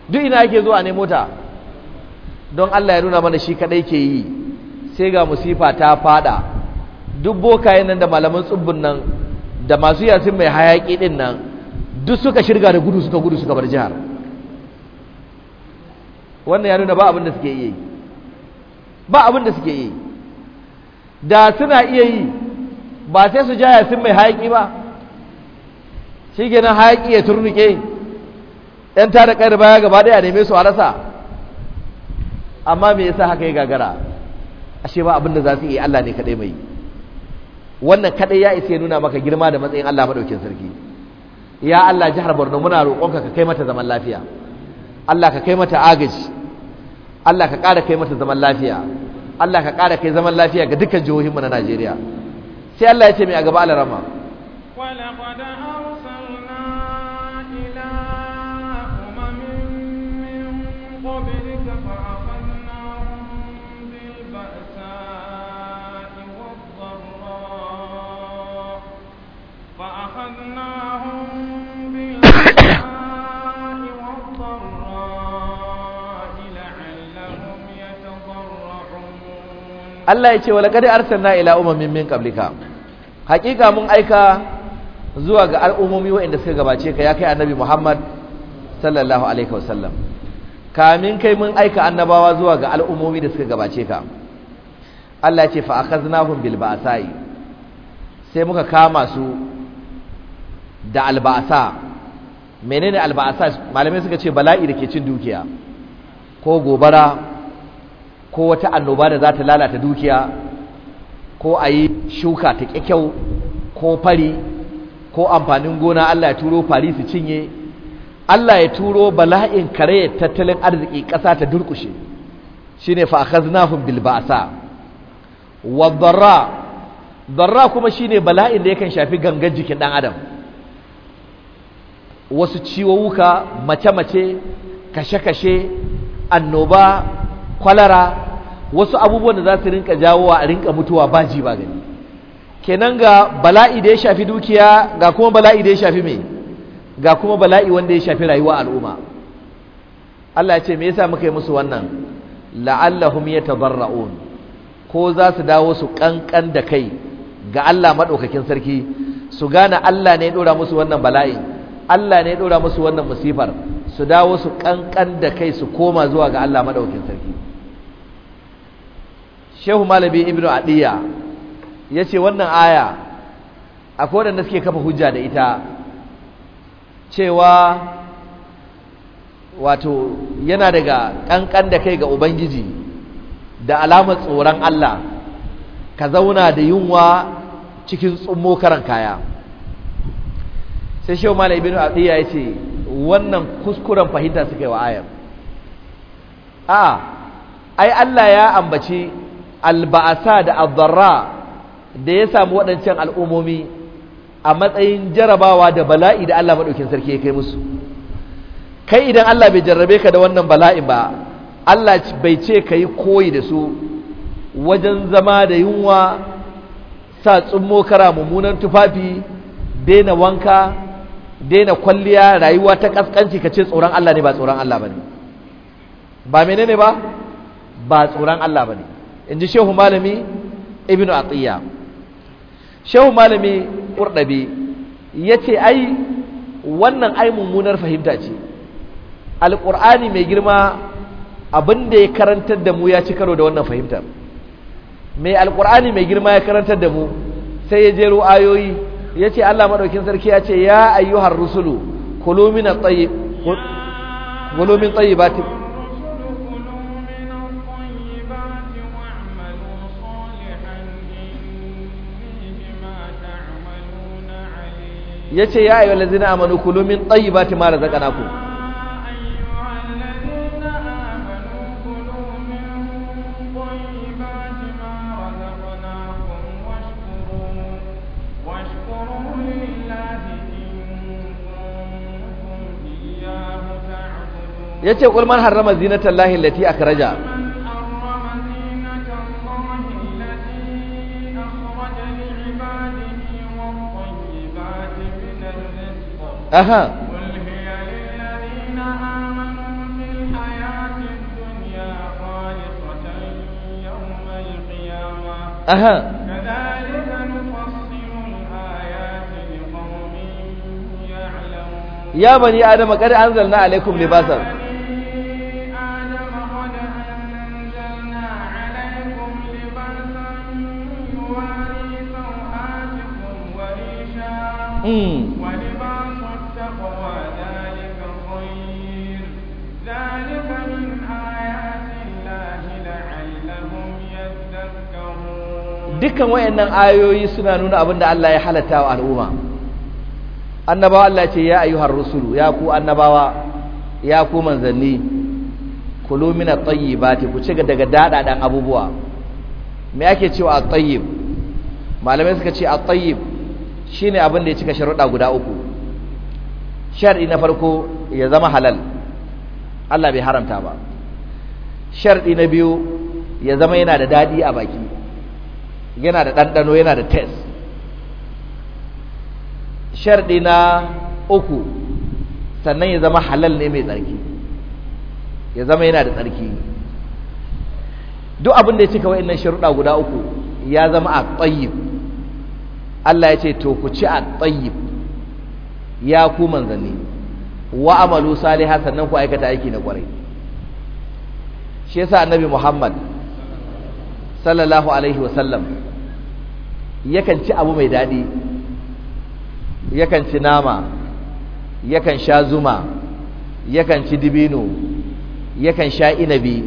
duk ina ake zuwa ne mota don Allah ya nuna mana shi kadai ke yi sai ga musifa ta fada duk bokayen nan da malaman tsubbun nan da masu yasin mai hayaƙi ɗin nan duk suka shirga da gudu suka gudu suka bar jihar wannan ya nuna ba abin da suke iya yi ba abin da suke yi da suna iya yi ba sai su ja yasin mai hayaƙi ba shi kenan hayaƙi ya turnuke yan tada kai da baya gaba daya neme su a rasa amma me yasa haka ya gagara ashe ba abin da za su iya Allah ne kadai mai yi wannan kadai ya isa ya nuna maka girma da matsayin Allah madaukin sarki ya Allah jihar Borno muna roƙonka ka kai mata zaman lafiya Allah ka kai mata agaji Allah ka ƙara kai mata zaman lafiya Allah ka ƙara kai zaman lafiya ga dukkan jihohinmu na Najeriya sai Allah ya ce mai a gaba alarama Allah ya ce wa laqad arsalna ila umamin min qablika haƙiƙa mun aika zuwa ga al'ummomi waɗanda suka gabace ka ya kai annabi Muhammad sallallahu alaihi wasallam kamin kai mun aika annabawa zuwa ga al'ummomi da suka gabace ka Allah ya ce fa akhaznahum bil ba'sa'i sai muka kama su da alba'sa menene albaasa malamai suka ce bala'i da ke cin dukiya ko gobara ko wata annoba da za ta lalata dukiya ko a yi shuka ta kyakkyau, ko fari ko amfanin gona Allah ya turo fari su cinye Allah ya turo bala'in kare tattalin arziki ƙasa ta durkushe shine fa akhaznahum bil ba'sa wad darra kuma kuma ne bala'in da yakan shafi gangan jikin ɗan adam wasu ciwo wuka mace-mace kashe-kashe annoba kwalara wasu abubuwan da za su rinka jawowa a rinka mutuwa ba ji ba gani kenan ga bala'i da ya shafi dukiya ga kuma bala'i da ya shafi mai ga kuma bala'i wanda ya shafi rayuwa al'umma Allah ya ce me yasa muka yi musu wannan la'allahum yatadarra'un ko za su dawo su kankan da kai ga Allah madaukakin sarki su gane Allah ne ya dora musu wannan bala'i Allah ne ya dora musu wannan musifar su dawo su kankan da kai su koma zuwa ga Allah madaukakin sarki shehu malami Ibn adiya ya ce wannan aya akwai na suke kafa hujja da ita cewa wato yana daga ƙanƙan da kai ga ubangiji da alamar tsoron Allah ka zauna da yunwa cikin tsummo karan kaya sai shehu malami Ibn adiya ya ce wannan kuskuren fahimta suka yi wa ayar a ai Allah ya ambaci alba'asa da abarra da ya samu waɗancan al'umomi a matsayin jarabawa da bala'i da Allah maɗaukin sarki ya kai musu kai idan Allah bai jarrabe ka da wannan bala'in ba Allah bai ce ka yi koyi da su wajen zama da yunwa sa tsummo kara mummunan tufafi daina wanka daina kwalliya rayuwa ta ƙasƙanci ka ce tsoron Allah ne ba tsoron Allah ba ba menene ba ba tsoron Allah bane. in ji shehu malami ibnu atiya shehu malami ƙurɗabe ya ce ai wannan ai mummunar fahimta ce alƙur'ani mai girma abin ya karantar da mu ya ci karo da wannan fahimtar mai alƙur'ani mai girma ya karantar da mu sai ya jero ayoyi ya ce allah maɗaukin sarki ya ce ya ayyuhar rusulu kulumin tsayi batin yace ya ayyuhal ladzina amanu kulu min tayyibati ma Ya yace ƙulmar man harrama lahin Lati allati akhraja أها قل هي للذين آمنوا في الحياة الدنيا خالصة يوم القيامة أها كذلك نفصل الآيات لقوم يعلمون يا بني آدم قد أنزلنا عليكم لباسا dukkan wayannan ayoyi suna nuna abin da Allah ya halatta wa al'umma annabawa Allah ce ya ayyuhar rusulu ya ku annabawa ya ku manzanni kulu min at-tayyibati ku cika daga dadadan abubuwa me ake cewa at-tayyib malamai suka ce at-tayyib shine abin da ya cika sharuɗa guda uku shar'i na farko ya zama halal Allah bai haramta ba shar'i na biyu ya zama yana da dadi a baki yana da ɗanɗano yana da test sharɗi na uku sannan ya zama halal ne mai tsarki ya zama yana da tsarki duk abin da ya cika nan sharuɗa guda uku ya zama a tsayib Allah ya ce to ku ci a tsayib ya ku manzanni wa amalu saliha sannan ku aikata aiki na kwarai shi yasa annabi Muhammad sallallahu alaihi wasallam yakan ci abu mai daɗi yakan ci nama yakan sha zuma yakan ci dibino yakan sha inabi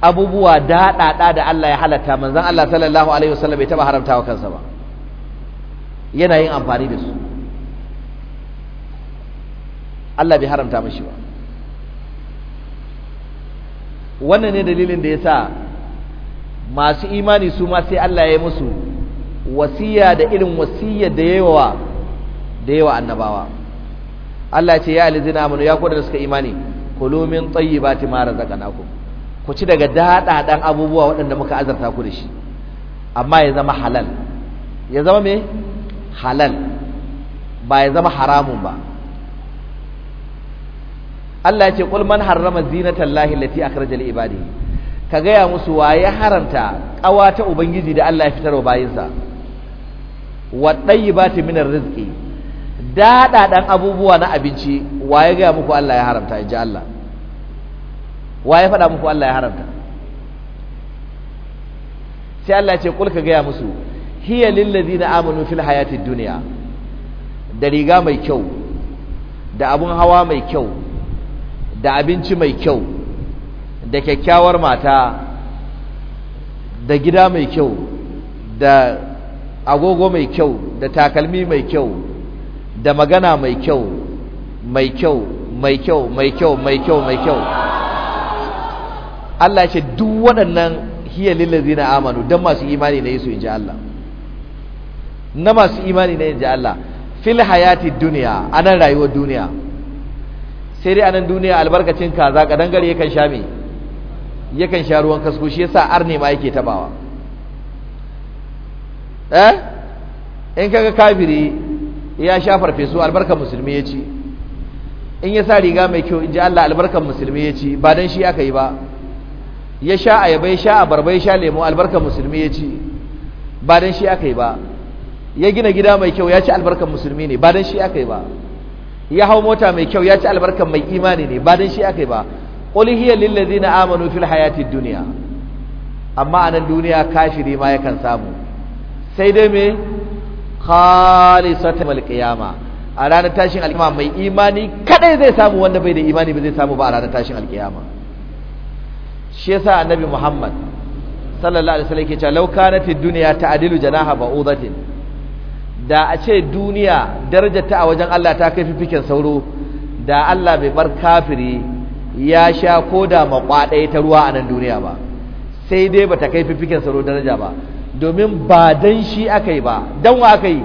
abubuwa daɗaɗa da Allah ya halatta manzan Allah sallallahu alaihi wasallam bai taɓa haramta wa kansa ba yana yin amfani da su Allah bai haramta mashi ba wannan ne dalilin da ya sa masu imani su ma sai Allah ya yi musu wasiya da irin wasiya da yawa da yawa annabawa Allah ce ya alizina amanu ya koda da suka imani kulu min tayyibati ma razaqnakum ku ci daga dadadan abubuwa waɗanda muka azarta ku da shi amma ya zama halal ya zama me halal ba ya zama haramun ba Allah ya ce kul man harrama zinatallahi lati akhraja li ibadihi ka gaya musu waye haramta ƙawa ta ubangiji da Allah ya fitarwa bayinsa wa ɗayyibati minar rizqi daɗaɗan abubuwa na abinci wa ya gaya muku Allah ya haramta in ji Allah wa ya faɗa muku Allah ya haramta sai Allah ce kul ka gaya musu hiya lillazina amanu fil hayati duniya da riga mai kyau da abun hawa mai kyau da abinci mai kyau da kyakkyawar mata da gida mai kyau da agogo mai kyau da takalmi mai kyau da magana mai kyau mai kyau mai kyau mai kyau mai kyau mai kyau Allah ce duk waɗannan hiya zina amanu don masu imani ne su inji Allah na masu imani na inji Allah fil hayati duniya anan rayuwar duniya sai dai anan duniya albarkacin kaza kadangare yakan sha mi, yakan sha ruwan kasko shi yasa arne ma yake tabawa eh in kaga kafiri ya sha farfesu albarkar musulmi ya ci in ya sa riga mai kyau in ji Allah albarkar musulmi ya ci ba dan shi aka yi ba ya sha ayabai, sha abarba ya sha lemo albarkar musulmi ya ci ba dan shi aka yi ba ya gina gida mai kyau ya ci albarkar musulmi ne ba dan shi aka yi ba ya hau mota mai kyau ya ci albarkar mai imani ne ba dan shi aka yi ba qul hiya lil ladina amanu fil hayatid dunya amma anan duniya kafiri ma yakan samu sai dai me khalisatan wal qiyama a ranar tashin alkiyama mai imani kadai zai samu wanda bai da imani ba zai samu ba a ranar tashin alkiyama shi yasa annabi Muhammad sallallahu alaihi wasallam yake cewa law kanatid dunya ta'dilu janaha ba'udatin da a ce duniya darajar ta a wajen Allah ta kai fifikin sauro da Allah bai bar kafiri ya sha ko da makwadai ta ruwa a nan duniya ba sai dai bata kai fifiken sauro daraja ba domin ba dan shi aka yi ba dan wa aka yi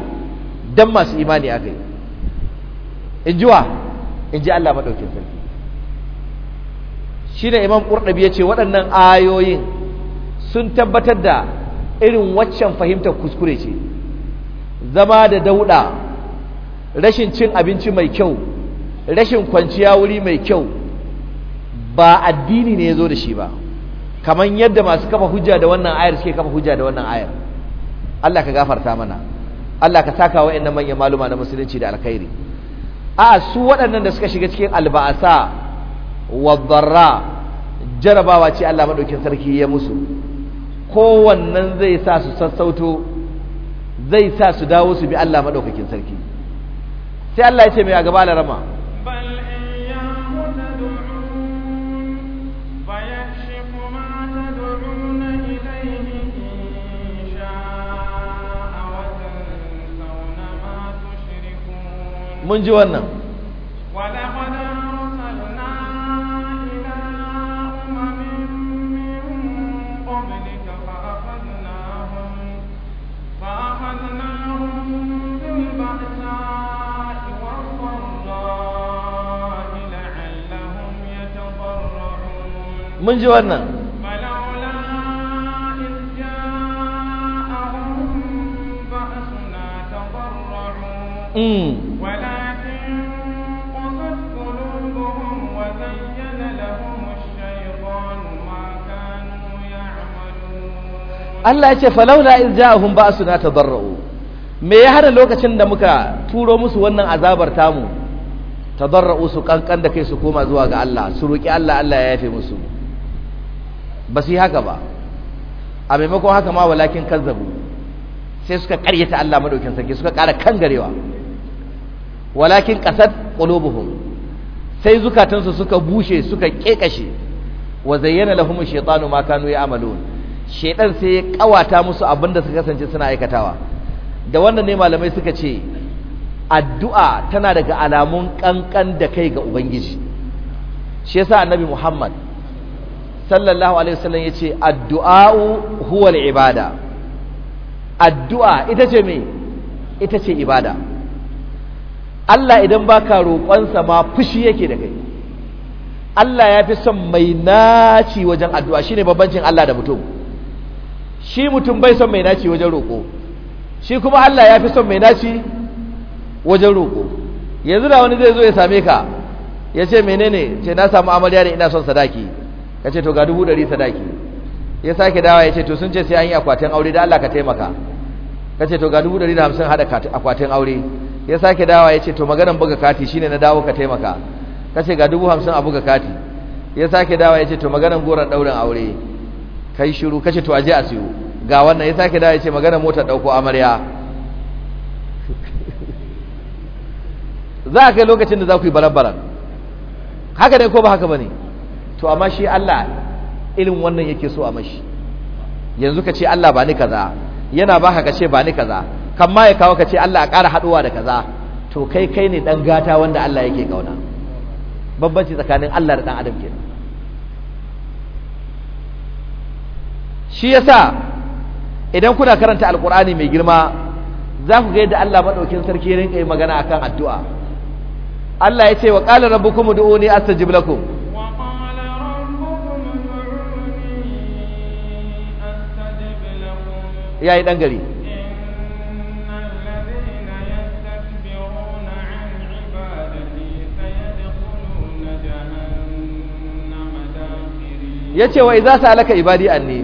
dan masu imani aka yi in ji wa in ji Allah maɗaukin sarki shi ne imam ƙurɗabi ya ce waɗannan ayoyin sun tabbatar da irin waccan fahimtar kuskure ce zama da dauɗa rashin cin abinci mai kyau rashin kwanciya wuri mai kyau ba addini ne ya zo da shi ba kamar yadda masu kafa hujja da wannan ayar suke kafa hujja da wannan ayar Allah ka gafarta mana Allah ka saka wa'annan manyan maluma na musulunci da alkhairi a su waɗannan da suka shiga cikin alba'asa wa jarabawa ce Allah madaukin sarki ya musu kowannan zai sa su sassauto zai sa su dawo su bi Allah madaukakin sarki sai Allah ya ce mai a gaba larama mun ji wannan mun ji wannan Mm. Allah ya ce falaula iz ja'ahum ba'suna tadarra'u me ya hada lokacin da muka turo musu wannan azabar tamu tadarra'u su kankan da kai su koma zuwa ga Allah su roki Allah Allah ya yafe musu ba su yi haka ba a maimakon haka ma walakin kazzabu sai suka karyata Allah madaukin sarki suka kara kangarewa walakin qasat qulubuhum sai zukatansu suka bushe suka kekashe wa zayyana lahum ash-shaytanu ma kanu ya'malun shedan sai ya kawata musu abin da suka kasance suna aikatawa da wannan ne malamai suka ce addu'a tana daga alamun kankan da kai ga ubangiji shi yasa annabi Muhammad sallallahu alaihi wasallam yace addu'a huwa al-ibada addu'a ita ce me ita ce ibada Allah idan baka roƙonsa ma fushi yake da kai Allah ya fi son mai naci wajen addu'a shine babbancin Allah da mutum shi mutum bai son mai naci wajen roƙo shi kuma Allah ya fi son mai naci wajen roƙo yanzu da wani zai zo ya same ka ya ce menene ce na samu amarya da ina son sadaki ka ce to ga dubu ɗari sadaki ya sake dawa ya ce to sun ce sai an yi akwatin aure da Allah ka taimaka ka ce to ga dubu ɗari da hamsin haɗa akwatin aure ya sake dawa ya ce to maganan buga kati shine na dawo ka taimaka ka ce ga dubu hamsin a buga kati ya sake dawa ya ce to maganan goron ɗaurin aure kai shiru kace to aje a siyo ga wannan ya sake da ya ce magana mota dauko amarya za ka kai lokacin da za ku yi baran-baran haka dai ko ba haka ba ne to amma shi Allah ilimin wannan yake so a mashi yanzu ka ce Allah ba ni kaza yana baka ka ce ba ni kaza kan ma ya kawo ka ce Allah a ƙara haɗuwa da kaza to kai kai ne ɗan gata wanda Allah yake kauna bambanci tsakanin Allah da ɗan adam kenan shi yasa idan kuna karanta alkur'ani mai girma za ku ga yadda Allah maɗaukin sarki ya rinka yi magana akan addu'a Allah ya ce wa qala rabbukum ud'uni astajib lakum yi dan gari Ya yace wa idza sa'alaka ibadi anni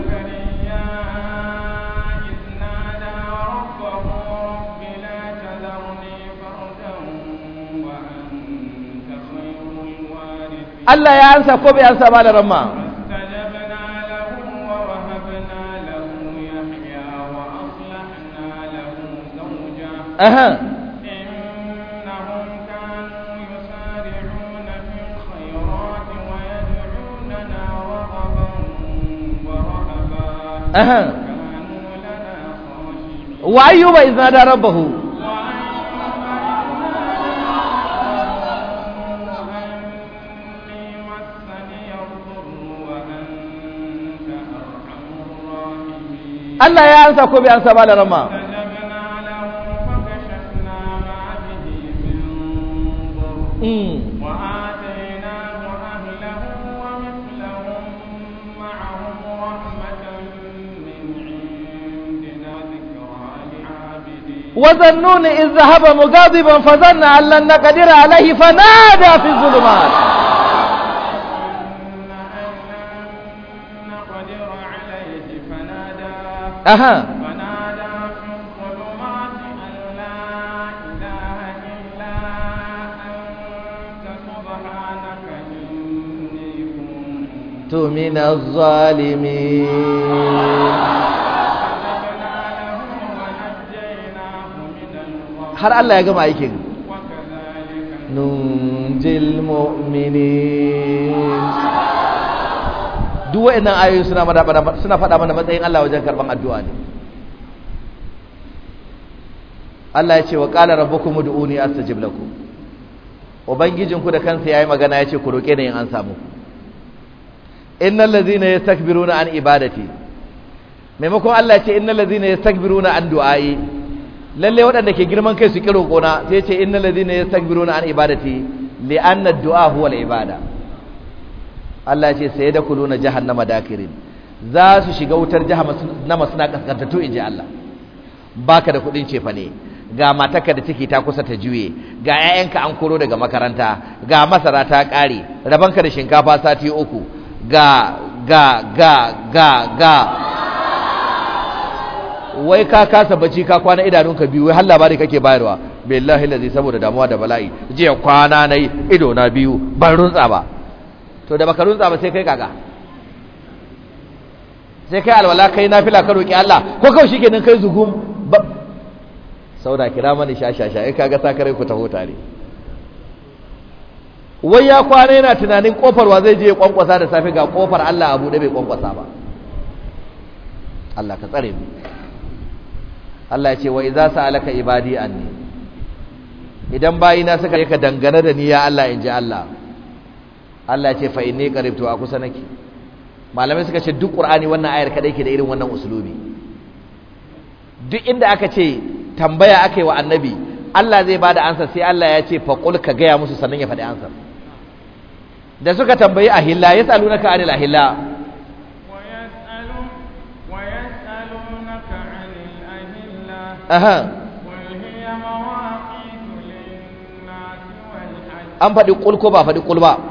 الله يانسى ansa يانسى مال ansa ba da ramma أها إنهم كانوا يسارعون في الخيرات ويدعوننا رغبا ورهبا أها كانوا لنا خاشعين وأيوب إذ نادى ربه Allah ya ansa ko bai ansa ba da rama وظنون إذ ذهب مغاضبا فظن أن لن نقدر عليه فنادى في الظلمات أها ونادى في الظلمات أن لا إله إلا أنت سبحانك إني كنت من الظالمين har Allah ya gama aikin nunjil mu'minin duk wa'annan ayoyin suna suna faɗa mana matsayin Allah wajen karban addu'a ne Allah ya ce wa qala rabbukum ud'uni astajib lakum ubangijinku da kansa yayi magana ya ce ku roke ni in an samu innal ladzina yastakbiruna an ibadati maimakon Allah ya ce innal ladzina yastakbiruna an du'ai lalle waɗanda ke girman kai su ki kona sai ya ce innal ladzina yastakbiruna an ibadati li anna ad-du'a huwa al-ibada Allah ya ce sai da kuluna jahannama dakirin za su shiga wutar jahannama suna kaskantattu inji Allah baka da kudin cefa ne ga matarka da ciki ta kusa ta juye ga 'ya'yanka an koro daga makaranta ga masara ta kare rabanka da shinkafa sati uku ga ga ga ga ga wai ka kasa bacci ka kwana idanunka biyu wai har labari kake bayarwa billahi lazi saboda damuwa da bala'i jiya kwana nayi ido na biyu ban runtsa ba to da baka runtsa ba sai kai kaga sai kai alwala kai nafila ka roki Allah ko kawai shikenan kai zugum ba sauda kira mani shashasha in kaga sakarai ku taho tare wai ya kwana yana tunanin kofar wa zai je ya kwankwasa da safe ga kofar Allah abu da bai kwankwasa ba Allah ka tsare mu Allah ya ce wa idza sa'alaka ibadi anni idan bayina suka yi ka dangane da ni ya Allah in ji Allah Allah ce fa inni qaribtu a kusa nake malamai suka ce duk qur'ani wannan ayar kadai ke da irin wannan usulubi duk inda aka ce tambaya akai wa annabi Allah zai bada ansa sai Allah ya ce fa qul ka gaya musu sannan ya faɗi ansa da suka tambayi ahilla naka anil ahilla an faɗi ƙul ko ba faɗi ƙul ba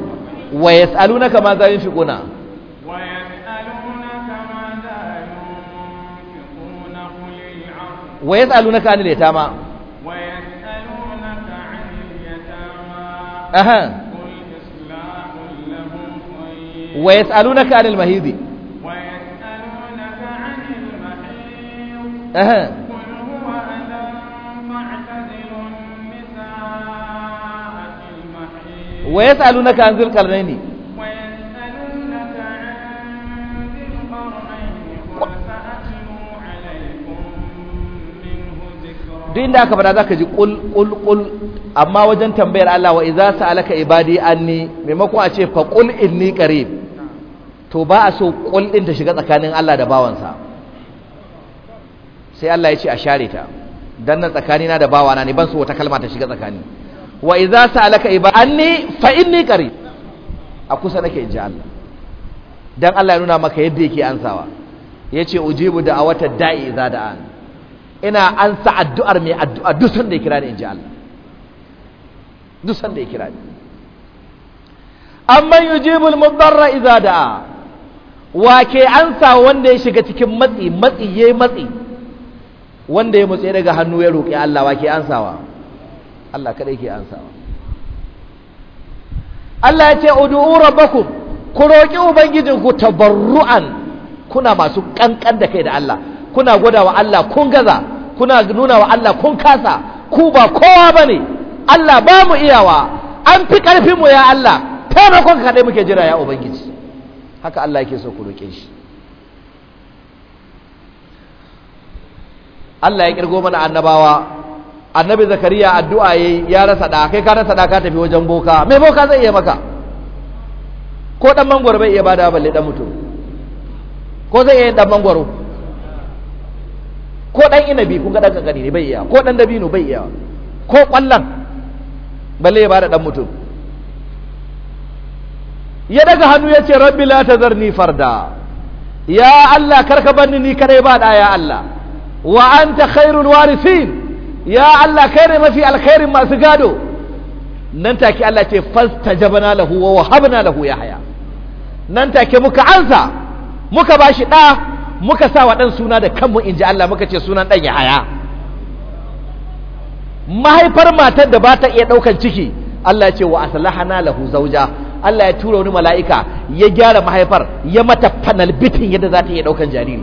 wa yas'alunaka ma za yunfiquna wa yas'alunaka ma za yunfiquna qul wa yas'alunaka an zil qarnaini duk inda aka fada zaka ji kul kul kul amma wajen tambayar Allah wa idza sa'alaka ibadi anni maimakon a ce fa qul inni qarib to ba a so kul din ta shiga tsakanin Allah da bawansa sai Allah ya ce a share ta dan nan tsakanina da bawana ne ban so wata kalma ta shiga tsakani wa idza sa'alaka ibadi fa inni qarib a kusa nake inji Allah dan Allah ya nuna maka yadda yake ansawa yace ujibu da awata da'i idza da'an ina ansa addu'ar mai addu'a duk sanda ya kira ni inji Allah duk sanda ya kira ni amman yujibu al-mudarra idza da'a wa ke ansa wanda ya shiga cikin matsi matsi yayi matsi wanda ya mutse daga hannu ya roƙi Allah wa ke ansawa Allah kadai ke ansawa Allah ya ce ud'u rabbakum ku roki ubangijinku tabarru'an kuna masu kankan da kai da Allah kuna gwada wa Allah kun gaza kuna nuna wa Allah kun kasa ku ba kowa bane Allah ba mu iyawa an fi karfin mu ya Allah taimakon ka dai muke jira ya ubangiji haka Allah yake so ku roke shi Allah ya kirgo mana annabawa annabi zakariya addu'a yayi ya rasa da kai ka rasa da ka tafi wajen boka Mai boka zai iya maka ko dan mangwaro bai iya bada balle dan mutum ko zai iya dan mangwaro ko dan inabi kun ga dan kankani ne bai iya ko dan dabino bai iya ko kwallan balle ya bada dan mutum ya daga hannu ya ce rabbi la tazarni farda ya Allah karka banni ni kadai ba da ya Allah wa anta khairul warithin ya Allah kai ne mafi alkhairin masu gado nan take Allah ce fastajabna lahu wa wahabna lahu haya. nan take muka ansa muka bashi ɗa, muka sa wa ɗan suna da kanmu inji Allah muka ce sunan ya haya. mahaifar matar da ba ta iya ɗaukan ciki Allah ce wa asalahana lahu zauja Allah ya tura wani mala'ika ya gyara mahaifar ya mata fanal bitin yadda za ta iya ɗaukan jariri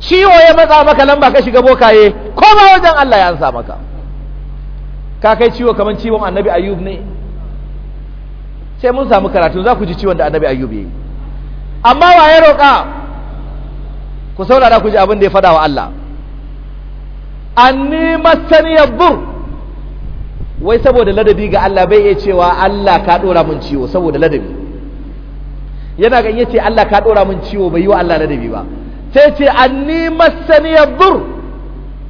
ciwo ya matsa maka lamba ka shiga bokaye ko ba wajen Allah ya ansa maka ka kai ciwo kamar ciwon annabi ayyub ne sai mun samu karatu za ku ji ciwon da annabi ayyub yi amma wa ya roƙa ku saurara ku ji abin da ya fada wa Allah anni masani bur wai saboda ladabi ga Allah bai iya cewa Allah ka ɗora mun ciwo saboda ladabi yana ganye ce Allah ka dora mun ciwo bai yi wa Allah ladabi ba sai ce anni masaniyar bur,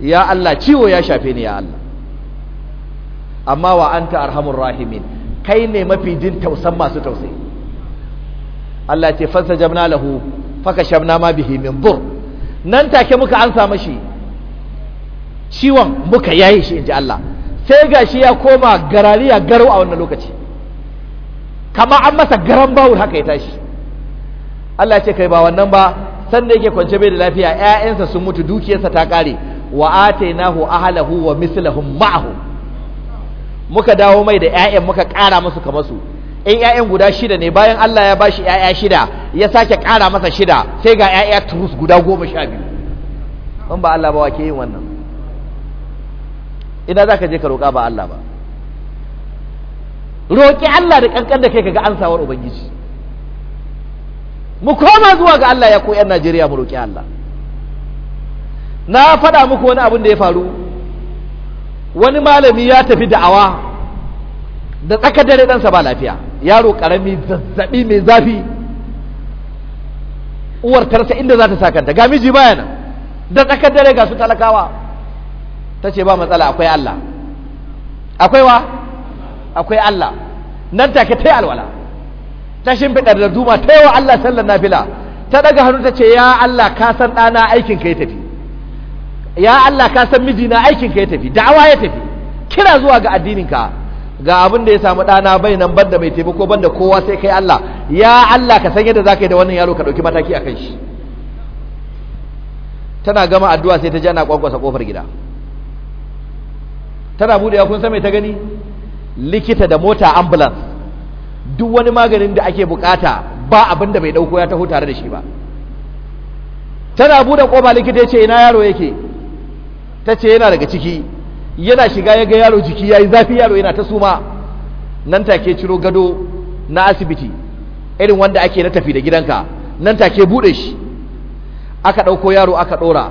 ya Allah ciwo ya shafe ni ya Allah amma wa anta arhamur rahimin kai ne mafi jin tausan masu tausayi Allah ce fansa jamna lahu faka shamna ma bihi min dur nan take muka ansa mashi ciwon muka yayi shi inji Allah sai gashi ya koma garariya garau a wannan lokaci kama an masa garan bawul haka ya tashi Allah ce kai ba wannan ba sanda yake kwance bai da lafiya ƴaƴansa sun mutu dukiyarsa ta kare wa atainahu ahlahu wa mislahum ma'ahu muka dawo mai da ƴaƴan muka ƙara musu kamar su in ƴaƴan guda shida ne bayan Allah ya bashi ƴaƴa shida ya sake ƙara masa shida sai ga ƴaƴa turus guda goma sha biyu in ba Allah ba wa ke yin wannan ina za ka je ka roƙa ba Allah ba roƙi Allah da ƙanƙan da kai ka ga ansawar Ubangiji mu koma zuwa ga Allah ya koyar Najeriya mu roƙi Allah na faɗa muku wani abin da ya faru wani malami ya tafi da'awa da tsakar dare ɗansa ba lafiya yaro ƙarami zazzaɓi mai zafi uwar tarsa inda za ta sakanta ga miji baya nan da tsakar dare ga su talakawa ta ce ba matsala akwai Allah akwai wa akwai Allah nan take ta yi alwala ta shimfiɗa da duma ta yawa Allah sallar nafila ta ɗaga hannu ta ce ya Allah ka san ɗana aikin ka ya tafi ya Allah ka san mijina aikin ka ya tafi da'awa ya tafi kira zuwa ga addinin ka ga abin da ya samu ɗana bai nan ban da mai taimako da kowa sai kai Allah ya Allah ka san yadda ka yi da wannan yaro ka ɗauki mataki a kan shi tana gama addu'a sai ta ji ana kwankwasa kofar gida tana buɗe kun san mai ta gani likita da mota ambulance duk wani maganin da ake bukata ba abin da bai dauko ya taho tare da shi ba tana bude kofa likita ce ina yaro yake ta yana daga ciki yana shiga ya ga yaro jiki yayi zafi yaro yana ta suma nan take ciro gado na asibiti irin wanda ake na tafi da gidanka nan take bude shi aka dauko yaro aka dora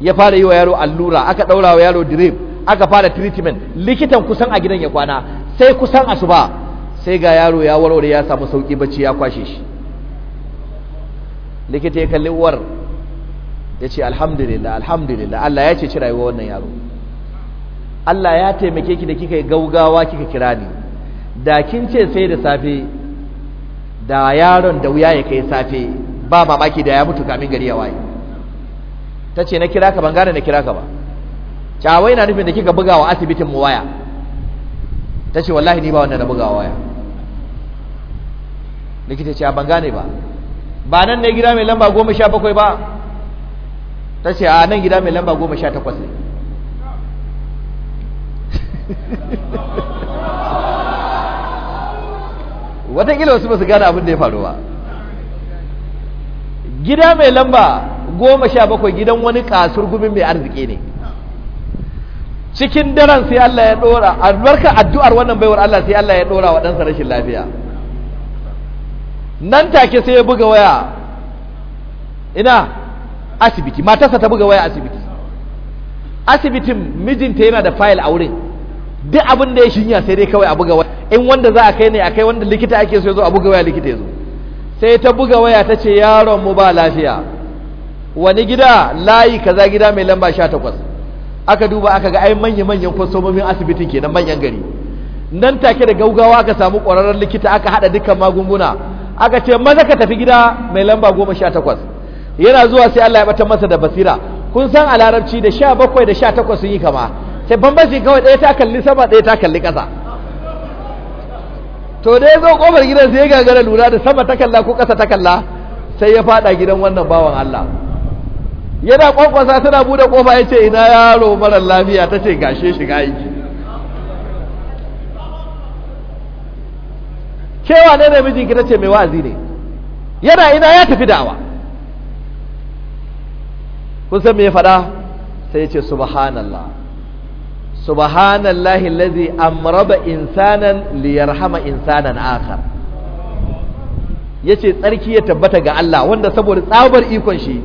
ya fara yi wa yaro allura aka daura wa yaro drip aka fara treatment likitan kusan a gidan ya kwana sai kusan asuba sai ga yaro ya warware ya samu sauki bacci ya kwashe shi likita ya kalli uwar ya ce alhamdulillah alhamdulillah Allah ya ce ci rayuwa wannan yaro Allah ya taimake ki da kika yi gaugawa kika kira ni da kin ce sai da safe da yaron da wuya ya kai safe ba mamaki da ya mutu kamin gari ya waye ta ce na kira ka ban gane na kira ka ba cawai na nufin da kika buga wa asibitin mu waya ta ce wallahi ni ba wannan na buga wa waya likita ce a ban gane ba ba nan ne gida mai lamba goma sha bakwai ba ta ce a nan gida mai lamba goma sha takwas ne watakila wasu ba su gane abin da ya faru ba gida mai lamba goma sha bakwai gidan wani kasur gumin mai arziki ne cikin daren sai Allah ya dora albarkar addu'ar wannan baiwar Allah sai Allah ya dora wa ɗansa rashin lafiya nan take sai ya buga waya ina asibiti matarsa ta buga waya asibiti asibitin mijinta yana da fayil a wurin duk abin da ya shinya sai dai kawai a buga waya in wanda za a kai ne a kai wanda likita ake so ya zo a buga waya likita ya zo sai ta buga waya ta ce yaron mu ba lafiya wani gida layi kaza gida mai lamba 18 aka duba aka ga ai manya manyan kwastomomin asibitin kenan manyan gari nan take da gaugawa aka samu ƙwararren likita aka haɗa dukkan magunguna aka ce maza ka tafi gida mai lamba goma sha takwas yana zuwa sai Allah ya bata masa da basira kun san a larabci da sha bakwai da sha takwas sun yi kama sai bambanci kawai ɗaya ta kalli sama ɗaya ta kalli ƙasa to da ya zo ƙofar gidan sai ya gagara lura da sama ta kalla ko ƙasa ta kalla sai ya faɗa gidan wannan bawan Allah yana ƙwanƙwasa suna buɗe ƙofa ya ce ina yaro marar lafiya ta ce gashe shiga aiki cewa ne ne mijinki na ce mai wa'azi ne yana ina ya tafi da'awa kun san me ya faɗa sai ce subhanallah subhanallahi allazi amraba insanan liyarhama insanan akhar yace tsarki ya tabbata ga Allah wanda saboda tsabar ikon shi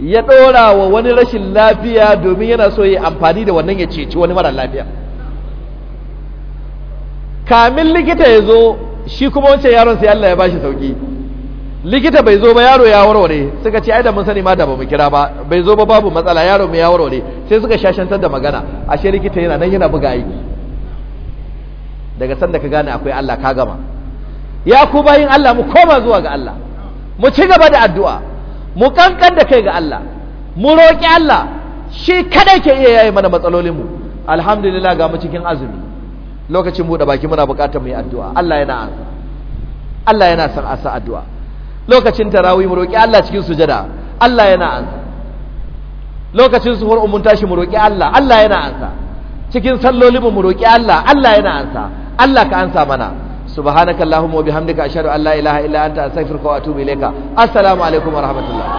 ya ɗora wa wani rashin lafiya domin yana so ya amfani da wannan ya ceci wani mara lafiya kamin likita ya zo shi kuma wance yaron sai Allah ya bashi sauki likita bai zo ba yaro ya warware suka ce ai da mun sani ma da bamu kira ba bai zo ba babu matsala yaro mai ya warware sai suka shashantar da magana ashe likita yana nan yana buga aiki daga sanda ka gane akwai Allah ka gama ya ku bayin Allah mu koma zuwa ga Allah mu ci gaba da addu'a mu kankan da kai ga Allah mu roƙi Allah shi kada ke iya yayi mana matsalolin mu alhamdulillah ga mu cikin azumi lokacin buɗe baki muna buƙatar mu yi addu'a Allah yana Allah yana san asa addu'a lokacin tarawih mu roƙi Allah cikin sujada Allah yana ansa lokacin suhur mun tashi mu roƙi Allah Allah yana ansa cikin salloli mu roƙi Allah Allah yana ansa Allah ka ansa mana subhanakallahumma wa bihamdika ashhadu an la ilaha illa anta astaghfiruka wa atubu ilayka assalamu alaikum wa rahmatullah